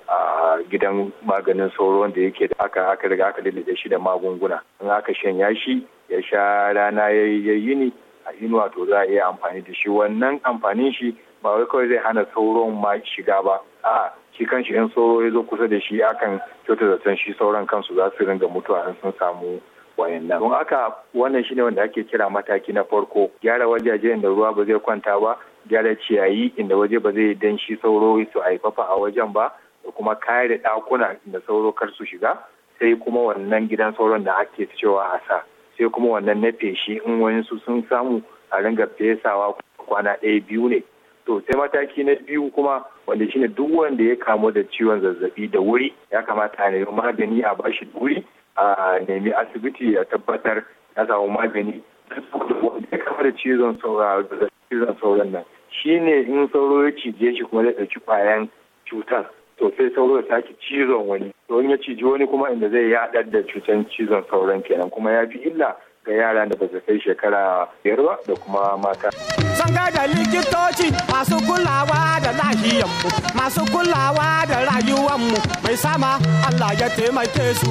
gidan maganin sauro da yake da aka aka riga aka da shi da magunguna in aka shanya shi ya sha rana ya yi ni a inuwa to za a iya amfani da shi wannan amfanin shi ba wai kawai zai hana sauron ma shiga ba a shi shi in sauro ya zo kusa da shi akan kyauta zaton shi sauran kansu za su ringa mutuwa in sun samu wayannan don haka wannan shine wanda ake kira mataki na farko gyara wajaje inda ruwa ba zai kwanta ba gyara ciyayi inda waje ba zai danshi sauro su haifafa a wajen ba da kuma kare ɗakuna inda sauro kar su shiga sai kuma wannan gidan sauron da ake cewa a sa sai kuma wannan na feshi in wayansu sun samu a ringa fesawa kwana ɗaya biyu ne to sai mataki na biyu kuma wanda shine duk wanda ya kamu da ciwon zazzabi da wuri ya kamata a nemi magani a bashi wuri a nemi asibiti a tabbatar ya samu magani wanda ya kama da cizon sauran nan shi ne in sauro ya cije shi kuma zai ɗauki kwayan cutar to sai sauro ya sake cizon wani to in ya ciji wani kuma inda zai yaɗar da cutar cizon sauran kenan kuma ya fi illa ga yara da ba su kai shekara biyar ba da kuma mata. Sun da likitoci masu kulawa da lahiyanmu, masu kulawa da rayuwanmu mai sama Allah ya taimake su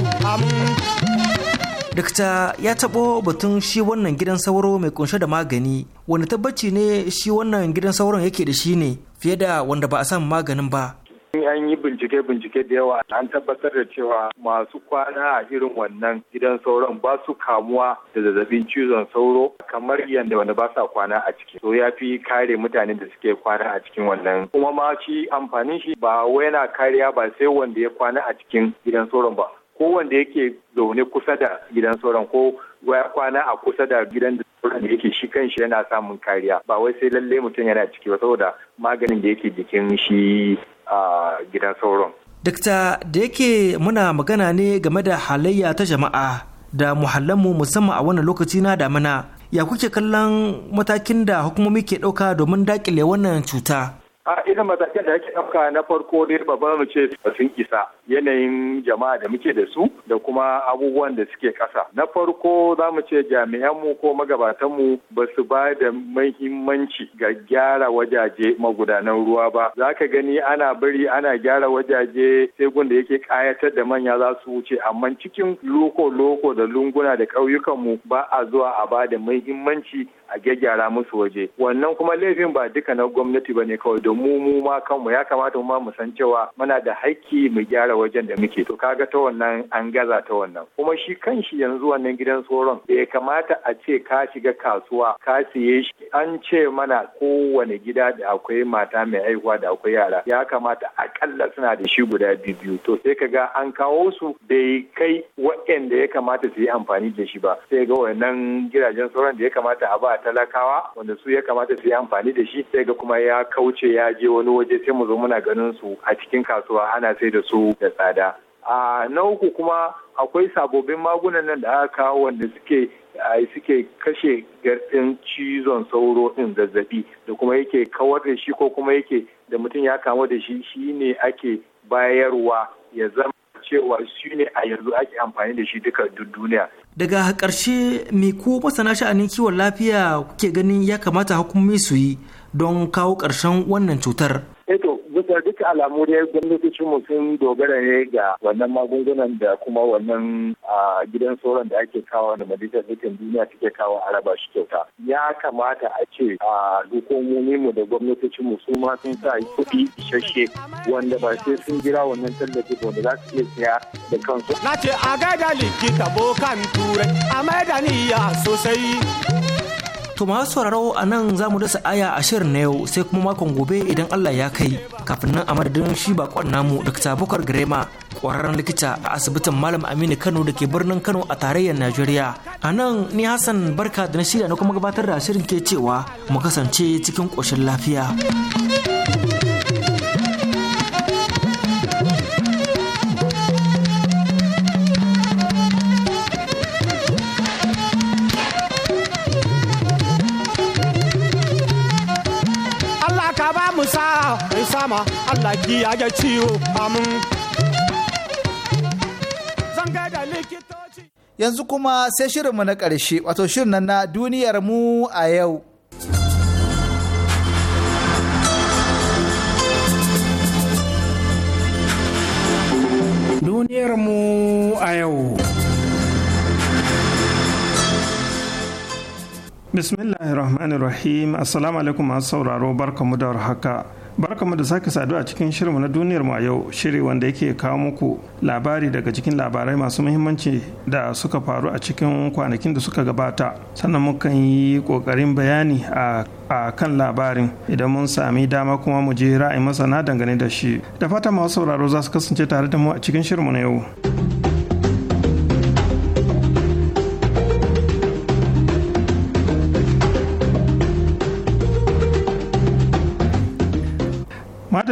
Dokta ya taɓo batun shi wannan gidan sauro mai kunshe da magani wani tabbaci ne shi wannan gidan sauron yake da shi ne fiye da wanda ba a san maganin ba. An yi bincike-bincike da yawa an tabbatar da cewa masu kwana a irin wannan gidan sauron ba su kamuwa da zazzabin cizon sauro kamar yadda wani ba sa kwana a ciki. To ya fi kare mutanen da suke kwana a cikin wannan. Kuma ma shi amfanin shi ba wai yana kariya ba sai wanda ya kwana a cikin gidan sauron ba. Ko wanda yake zaune kusa da gidan sauron ko ya kwana a kusa da gidan da da yake shi kanshi yana samun kariya ba wai sai lalle mutum yana ciki ba saboda maganin da yake jikin shi a gidan sauron. Dokta da yake muna magana ne game da halayya ta jama'a da muhallanmu musamman a wannan lokaci na damina ya kuke kallon matakin da hukumomi ke ɗauka domin daƙile wannan cuta? a irin matakin da ake ɗauka na farko dai babban mu ce sun isa yanayin jama'a da muke da su da kuma abubuwan da suke ƙasa na farko za mu ce mu ko magabatanmu ba su ba da mahimmanci ga gyara wajaje magudanan ruwa ba za ka gani ana bari ana gyara wajaje sai gunda yake ƙayatar da manya za su wuce amma cikin loko loko da lunguna da ƙauyukanmu ba a zuwa a ba da mahimmanci a gyaggyara musu waje wannan kuma laifin ba duka na gwamnati ba ne kawai da mu mu ma kanmu ya kamata mu ma mu san cewa muna da haƙƙi mu gyara wajen da muke to kaga ta wannan an gaza ta wannan kuma shi kanshi yanzu wannan gidan tsoron ya kamata a ce ka shiga kasuwa ka siye shi an ce mana kowane gida da akwai mata mai haihuwa da akwai yara ya kamata akalla suna da shi guda biyu to sai ka ga an kawo su bai kai waɗanda ya kamata su yi amfani da shi ba sai ga wannan gidajen sauran da ya kamata a ba talakawa wanda su ya kamata su yi amfani da shi sai ga kuma ya kauce ya je wani waje sai mu zo muna ganin su a cikin kasuwa ana sai da su da tsada a na uku kuma akwai sabobin magunan nan da aka kawo wanda suke suke kashe garɗin cizon sauro ɗin zazzabi da kuma yake kawar da shi ko kuma yake da mutum ya kamu da shi shine ake bayarwa ya zama cewa shi ne a yanzu ake amfani da shi duka duniya. Daga ƙarshe me ko masana sha'anin kiwon lafiya kuke ganin ya kamata hukumomi su yi don kawo ƙarshen wannan cutar? bisa duka alamu dai gwamnatocin mu sun dogara ne ga wannan magungunan da kuma wannan gidan sauran da ake kawo da majalisar dukkan duniya suke kawo a raba shi kyauta ya kamata a ce a hukumomi mu da gwamnatocin mu su ma sun sa kuɗi isasshe wanda ba sai sun jira wannan tallafi ba wanda za su iya siya da kansu. Na ce a gaida likita bokan turai a maida niyya sosai. To masu sauraro a nan za mu dasa aya ashirin na yau sai kuma makon gobe idan Allah ya kai kafin nan a madadin shi bakon namu Dr. Bukar girema kwararren likita a asibitin Malam Aminu Kano da ke birnin Kano a tarayyar Najeriya. A nan ni Hassan Barka da na shirya na kuma gabatar da shirin ke cewa mu kasance cikin koshin lafiya. in sama Allah ciwo amin. Yanzu kuma sai shirinmu na ƙarshe wato shirin nan na duniyar mu a yau. Duniyar mu a yau. Bismillahirrahmanirrahim Assalamu alaikum masu sauraro barkamu da warhaka. haka. barkamu da sake sadu a cikin shirinmu na duniyar mu a yau shiri wanda yake kawo muku labari daga cikin labarai masu muhimmanci da suka faru a cikin kwanakin da suka gabata sannan mukan yi kokarin bayani a kan labarin idan mun sami dama kuma mu je ra'ayin masana dangane da shi da fata masu sauraro za su kasance tare da mu a cikin shirinmu na yau.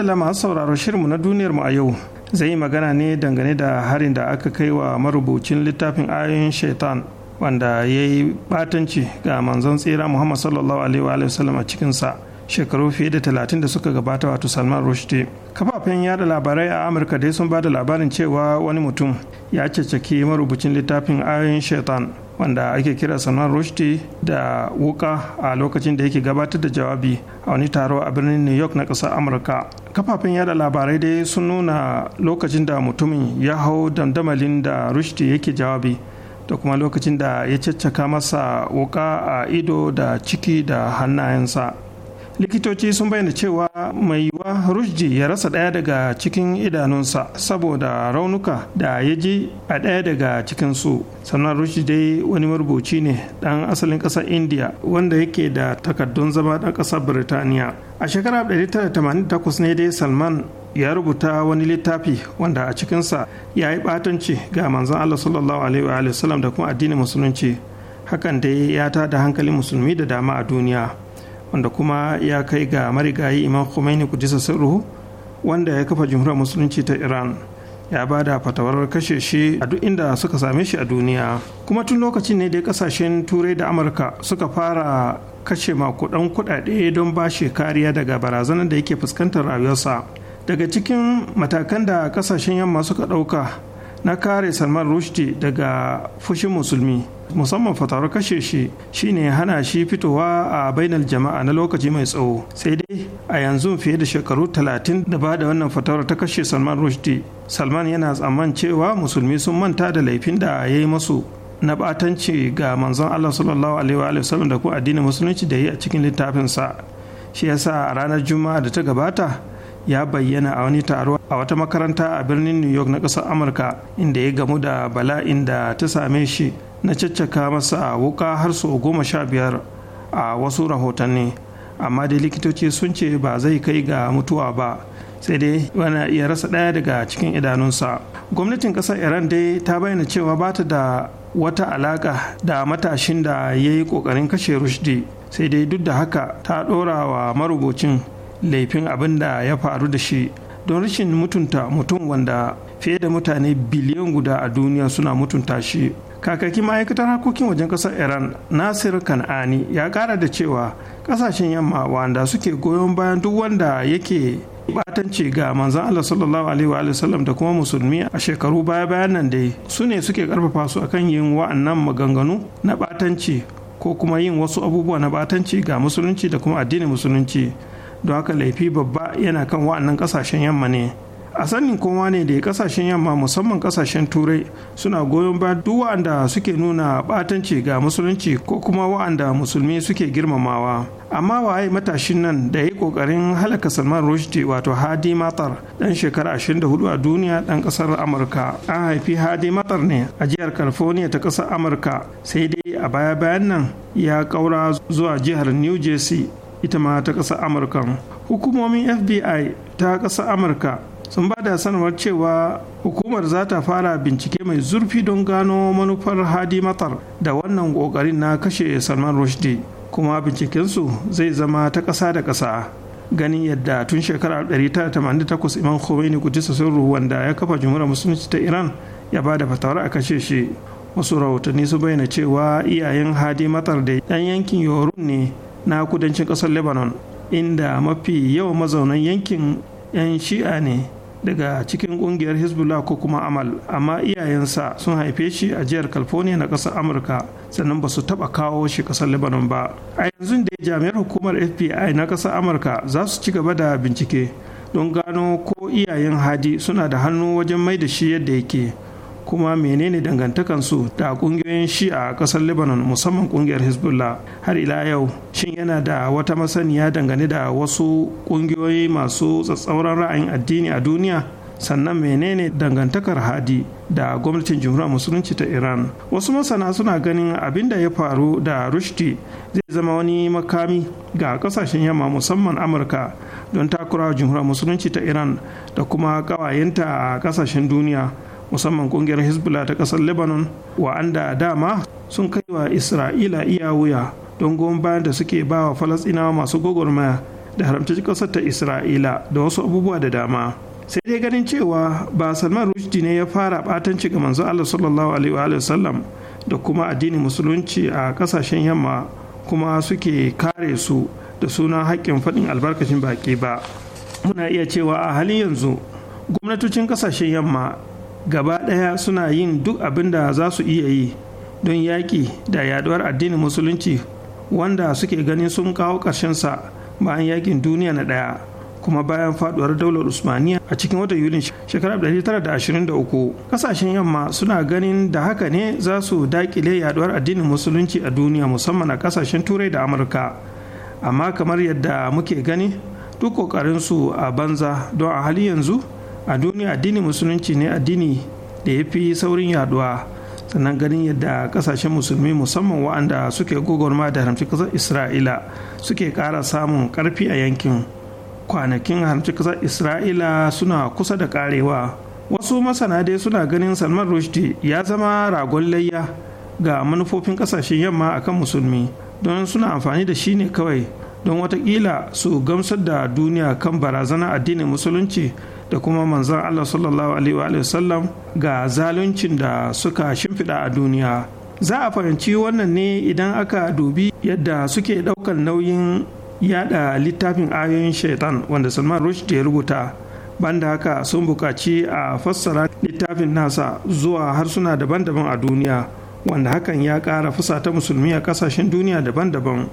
madalla masu sauraro shirinmu na duniyar mu a yau zai yi magana ne dangane da harin da aka kai wa marubucin littafin ayoyin shaitan wanda ya yi batanci ga manzon tsira muhammad sallallahu alaihi wa sallam a cikinsa shekaru fiye da talatin da suka gabata wato salman rushdie kafafen yada labarai a amurka dai sun ba da labarin cewa wani mutum ya ceceki marubucin littafin ayoyin shaitan wanda ake kira salman rushdie da wuka a lokacin da yake gabatar da jawabi a wani taro a birnin new york na ƙasar amurka kafafen yada labarai dai sun nuna lokacin da mutumin ya hau dandamalin da rushdie yake jawabi da kuma lokacin da ya caccaka masa wuka a ido da ciki da hannayensa likitoci sun bayyana cewa mai yiwuwa rushdi ya rasa ɗaya daga cikin idanunsa saboda raunuka da ya ji a ɗaya daga cikinsu sannan rushdi dai wani marubuci ne ɗan asalin ƙasar indiya wanda yake da takardun zama ɗan ƙasar birtaniya a shekarar 1988 ne dai salman ya rubuta wani littafi wanda a cikinsa ya yi ɓatanci ga manzon allah sallallahu alaihi da kuma addinin musulunci hakan dai ya da hankalin musulmi da dama a duniya wanda kuma ya kai ga marigayi imam khomeini kudisa sirruhu wanda ya kafa jamhuriyar musulunci ta iran ya ba da fatawar kashe shi a duk inda suka same shi a duniya kuma tun lokacin ne dai kasashen turai da amurka suka fara kashe makudan kudade don ba shi kariya daga barazanar da yake fuskantar rayuwarsa daga cikin matakan da kasashen yamma suka dauka na kare salman rushdie daga fushin musulmi musamman fatawar kashe shi shine hana shi fitowa a bainar jama'a na lokaci mai tsawo sai dai a yanzu fiye da shekaru talatin da ba da wannan fatawar ta kashe salman Rushdi. salman yana tsamman cewa musulmi sun manta da laifin da ya yi masu na batanci ga manzon allah sallallahu alaihi wa sallam da kuma addinin musulunci da yi a cikin littafinsa shi yasa a ranar juma'a da ta gabata ya bayyana a wani taro a wata makaranta a birnin new york na ƙasar amurka inda ya gamu da bala'in da ta same shi na caccaka masa wuka har sau goma sha biyar a wasu rahotanni amma dai likitoci sun ce ba zai kai ga mutuwa ba sai dai yana iya rasa ɗaya daga cikin idanunsa gwamnatin ƙasar iran dai ta bayyana cewa ba ta da wata alaƙa da matashin da ya yi ƙoƙarin kashe rushdi sai dai duk da haka ta ɗora wa marubucin laifin abin da ya faru da shi don rashin mutunta mutum wanda fiye da mutane biliyan guda a duniya suna mutunta shi kakakin ma'aikatar harkokin wajen kasar iran nasir kan'ani ya kara da cewa kasashen yamma wanda suke goyon bayan duk wanda yake batanci ga manzan Allah sallallahu alaihi wa sallam da kuma musulmi a shekaru baya bayan nan dai su ne suke karfafa su akan yin wa'annan maganganu na batanci ko kuma yin wasu abubuwa na batanci ga musulunci da kuma addinin musulunci don haka laifi babba yana kan wa'annan kasashen yamma ne a sanin kowa ne da kasashen yamma musamman kasashen turai suna goyon ba duk wa'anda suke nuna batanci ga musulunci ko kuma wa'anda musulmi suke girmamawa amma waye matashin nan da ya kokarin halaka salman rushdie wato hadi matar dan shekara 24 a duniya dan kasar amurka an haifi hadi matar ne a jihar california ta kasar amurka sai dai a baya bayan nan ya kaura zuwa jihar new jersey ita ma ta kasar amurka hukumomin fbi ta kasar amurka sun ba da sanarwar cewa hukumar za ta fara bincike mai zurfi don gano manufar hadi matar da wannan kokarin na kashe salman rushdie kuma bincikensu zai zama ta ƙasa da ƙasa ganin yadda tun shekarar 1988 Iman khomeini sun sirru wanda ya kafa jumhuriyar musulunci ta iran ya ba da fatawar a kashe shi wasu rahotanni su bayyana cewa iyayen hadi matar da yan yankin yorun ne na kudancin ƙasar lebanon inda mafi yawan mazaunan yankin yan shi'a ne daga cikin kungiyar hezbollah ko kuma amal amma iyayensa sun haife shi a jihar california na kasar amurka sannan ba su taba kawo shi kasar lebanon ba a yanzu da jami'ar hukumar fbi na kasar amurka za su ci gaba da bincike don gano ko iyayen hadi suna da hannu wajen mai da shi yadda yake kuma menene dangantakansu da kungiyoyin shi'a a kasar lebanon musamman kungiyar hezbollah har ila yau shin yana da wata masaniya dangane da wasu kungiyoyi masu tsatsauran ra'ayin addini a duniya sannan menene dangantakar hadi da gwamnatin jamhuriyar musulunci ta iran wasu masana suna ganin abin da ya faru da rushdi zai zama wani makami ga kasashen yamma musamman amurka don takura jamhuriyar musulunci ta iran da kuma kawayenta a kasashen duniya musamman kungiyar hezbollah ta kasar lebanon wa'anda a dama sun kai wa isra'ila iya wuya don goma bayan da suke ba wa falasɗinawa masu gwagwarmaya da haramta kasar ta isra'ila da wasu abubuwa da dama sai dai ganin cewa ba salman rushdi ne ya fara batanci ga manzo allah sallallahu alaihi wa sallam da kuma addinin musulunci a kasashen yamma kuma suke kare su da suna haƙƙin faɗin albarkacin baƙi ba muna iya cewa a halin yanzu gwamnatocin kasashen yamma gaba ɗaya suna yin duk abin da za su iya yi don yaƙi da yaduwar addinin musulunci wanda suke ganin sun kawo ƙarshensa bayan yakin duniya na ɗaya kuma bayan faduwar daular usmaniya a cikin watan yulin shekarar 1923 kasashen yamma suna ganin da haka ne za su dakile yaduwar addinin musulunci a duniya musamman a kasashen turai da amurka amma kamar yadda muke gani duk kokarinsu a banza don a hali yanzu a duniya addinin musulunci ne addini da ya fi saurin yaduwa sannan ganin yadda kasashen musulmi musamman waɗanda suke gogorma da haramci kasar isra'ila suke ƙara samun ƙarfi a yankin kwanakin haramci kasar isra'ila suna kusa da ƙarewa wasu masana dai suna ganin salman Rushdi ya zama ragon layya ga manufofin ƙasashen yamma akan musulmi don suna amfani da shi ne kawai don watakila su gamsar da duniya kan barazana addinin musulunci da kuma manzon Allah sallallahu alaihi sallam ga zaluncin da suka shimfiɗa a duniya za a fahimci wannan ne idan aka dubi yadda suke ɗaukar nauyin yada littafin ayoyin shaitan wanda salman Rushdie ya rubuta banda haka sun buƙaci a fassara littafin nasa zuwa harsuna daban-daban a duniya wanda hakan ya ƙara fusata musulmi a ƙasashen duniya daban-daban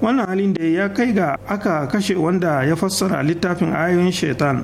wannan halin da ya kai ga aka kashe wanda ya fassara littafin ayoyin shaitan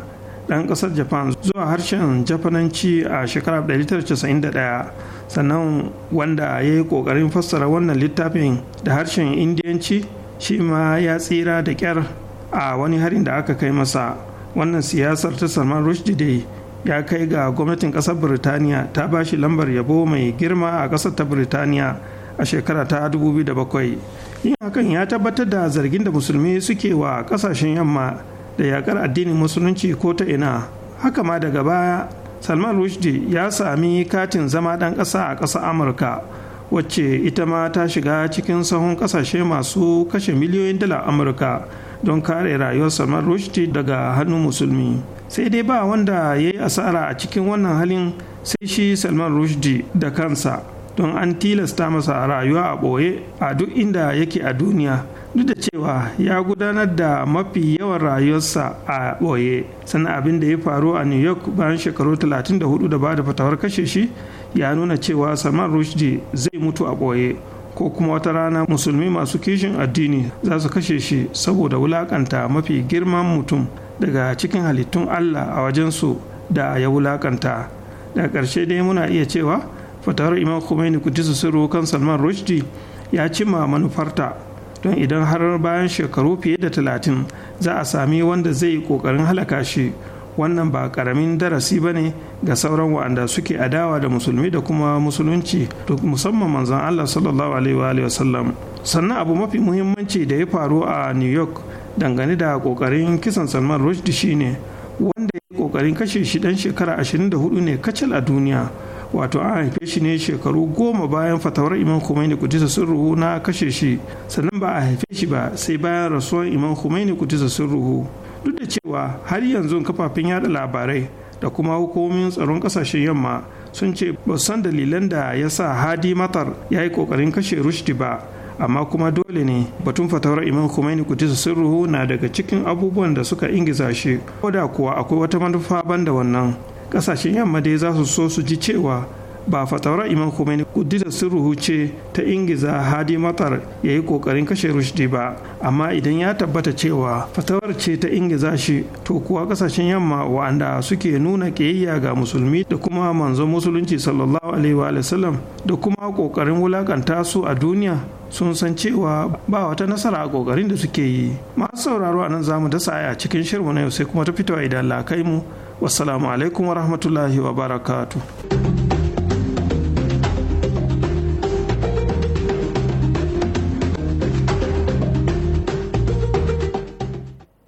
ɗan ƙasar japan zuwa harshen jafananci a shekarar 1991 sannan wanda ya yi ƙoƙarin fassara wannan littafin da harshen indiyanci shi ma ya tsira da ƙyar a wani harin da aka kai masa wannan siyasar ta salman rushdie ya kai ga gwamnatin ƙasar birtaniya ta ba shi lambar yabo mai girma a ƙasar ta birtaniya a shekara ta 2007 yin hakan ya tabbatar da zargin da musulmi suke wa ƙasashen yamma da yakar addinin musulunci ko ta ina haka ma daga baya salman rushdi ya sami katin zama ɗan ƙasa a ƙasar amurka wacce ita ma ta shiga cikin sahun ƙasashe masu kashe miliyoyin dala amurka don kare rayuwar salman rushdi daga hannun musulmi sai dai ba wanda ya yi asara a cikin wannan halin sai shi salman rushdi da kansa don an tilasta masa rayuwa a ɓoye a duk inda yake a duniya duk da cewa ya gudanar da mafi yawan rayuwarsa a ɓoye sannan abin da ya faru a new york bayan shekaru 34 da ba da fatawar kashe shi ya nuna cewa salman rushdie zai mutu a ɓoye ko kuma wata rana musulmi masu kishin addini za su kashe shi saboda wulakanta mafi girman mutum daga cikin halittun allah a wajensu da ya wulakanta daga ƙarshe dai muna iya cewa fatawar imam khomeini kudisu sirru kan salman rushdie ya cimma manufarta don idan har bayan shekaru fiye da talatin za a sami wanda zai yi ƙoƙarin halaka shi wannan ba ƙaramin darasi ba ne ga sauran wa'anda suke adawa da musulmi da kuma musulunci musamman manzon Allah sallallahu alaihi wa sallam sannan abu mafi muhimmanci da ya faru a New York dangane da ƙoƙarin kisan Salman Rushdie shine wanda ya ƙoƙarin kashe shi dan shekara 24 ne kacal a duniya wato an haife shi ne shekaru goma bayan fatawar imam Khomeini kudisa sirruhu na kashe shi sannan ba a haife shi ba sai bayan rasuwar imam Khomeini kudisa sirruhu duk da cewa har yanzu kafafen yada labarai da kuma hukumomin tsaron kasashen yamma sun ce ba san dalilan da ya sa hadi matar ya yi kokarin kashe rushdi ba amma kuma dole ne batun fatawar imam Khomeini kudisa sirruhu na daga cikin abubuwan da suka ingiza shi ko da kuwa akwai wata manufa banda wannan kasashen yamma dai za su so su ji cewa ba fatawar imam Khomeini kuddisa sirruhu ce ta ingiza hadi matar ya yi kokarin kashe rushdi ba amma idan ya tabbata cewa fatawar ce ta ingiza shi to kuwa kasashen yamma wa'anda suke nuna kiyayya ga musulmi da kuma manzon musulunci sallallahu alaihi wa sallam da kuma kokarin wulakanta su a duniya sun san cewa ba wata nasara a kokarin da suke yi masu sauraro a nan za dasa a cikin shirmu na yau sai kuma ta fitowa idan lakai mu Wasalamu alaikum wa rahmatullahi wa barakatu.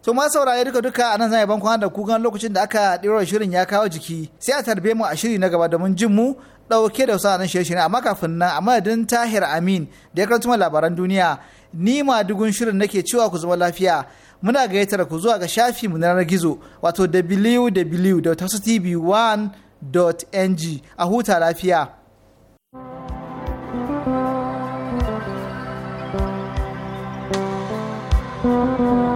to ma saurare duka duka a nan zai ban kwana da kukan lokacin da aka ɗirar shirin ya kawo jiki sai a tarbe mu a shiri na gaba domin jin mu ɗauke da wasu nan shirye-shirye amma kafin nan a madadin tahir amin da ya karanta labaran duniya ni ma dugun shirin nake cewa ku zama lafiya muna gayyatar ku zuwa ga shafi mu na ranar gizo wato wwwtv 1ng a huta lafiya. thank you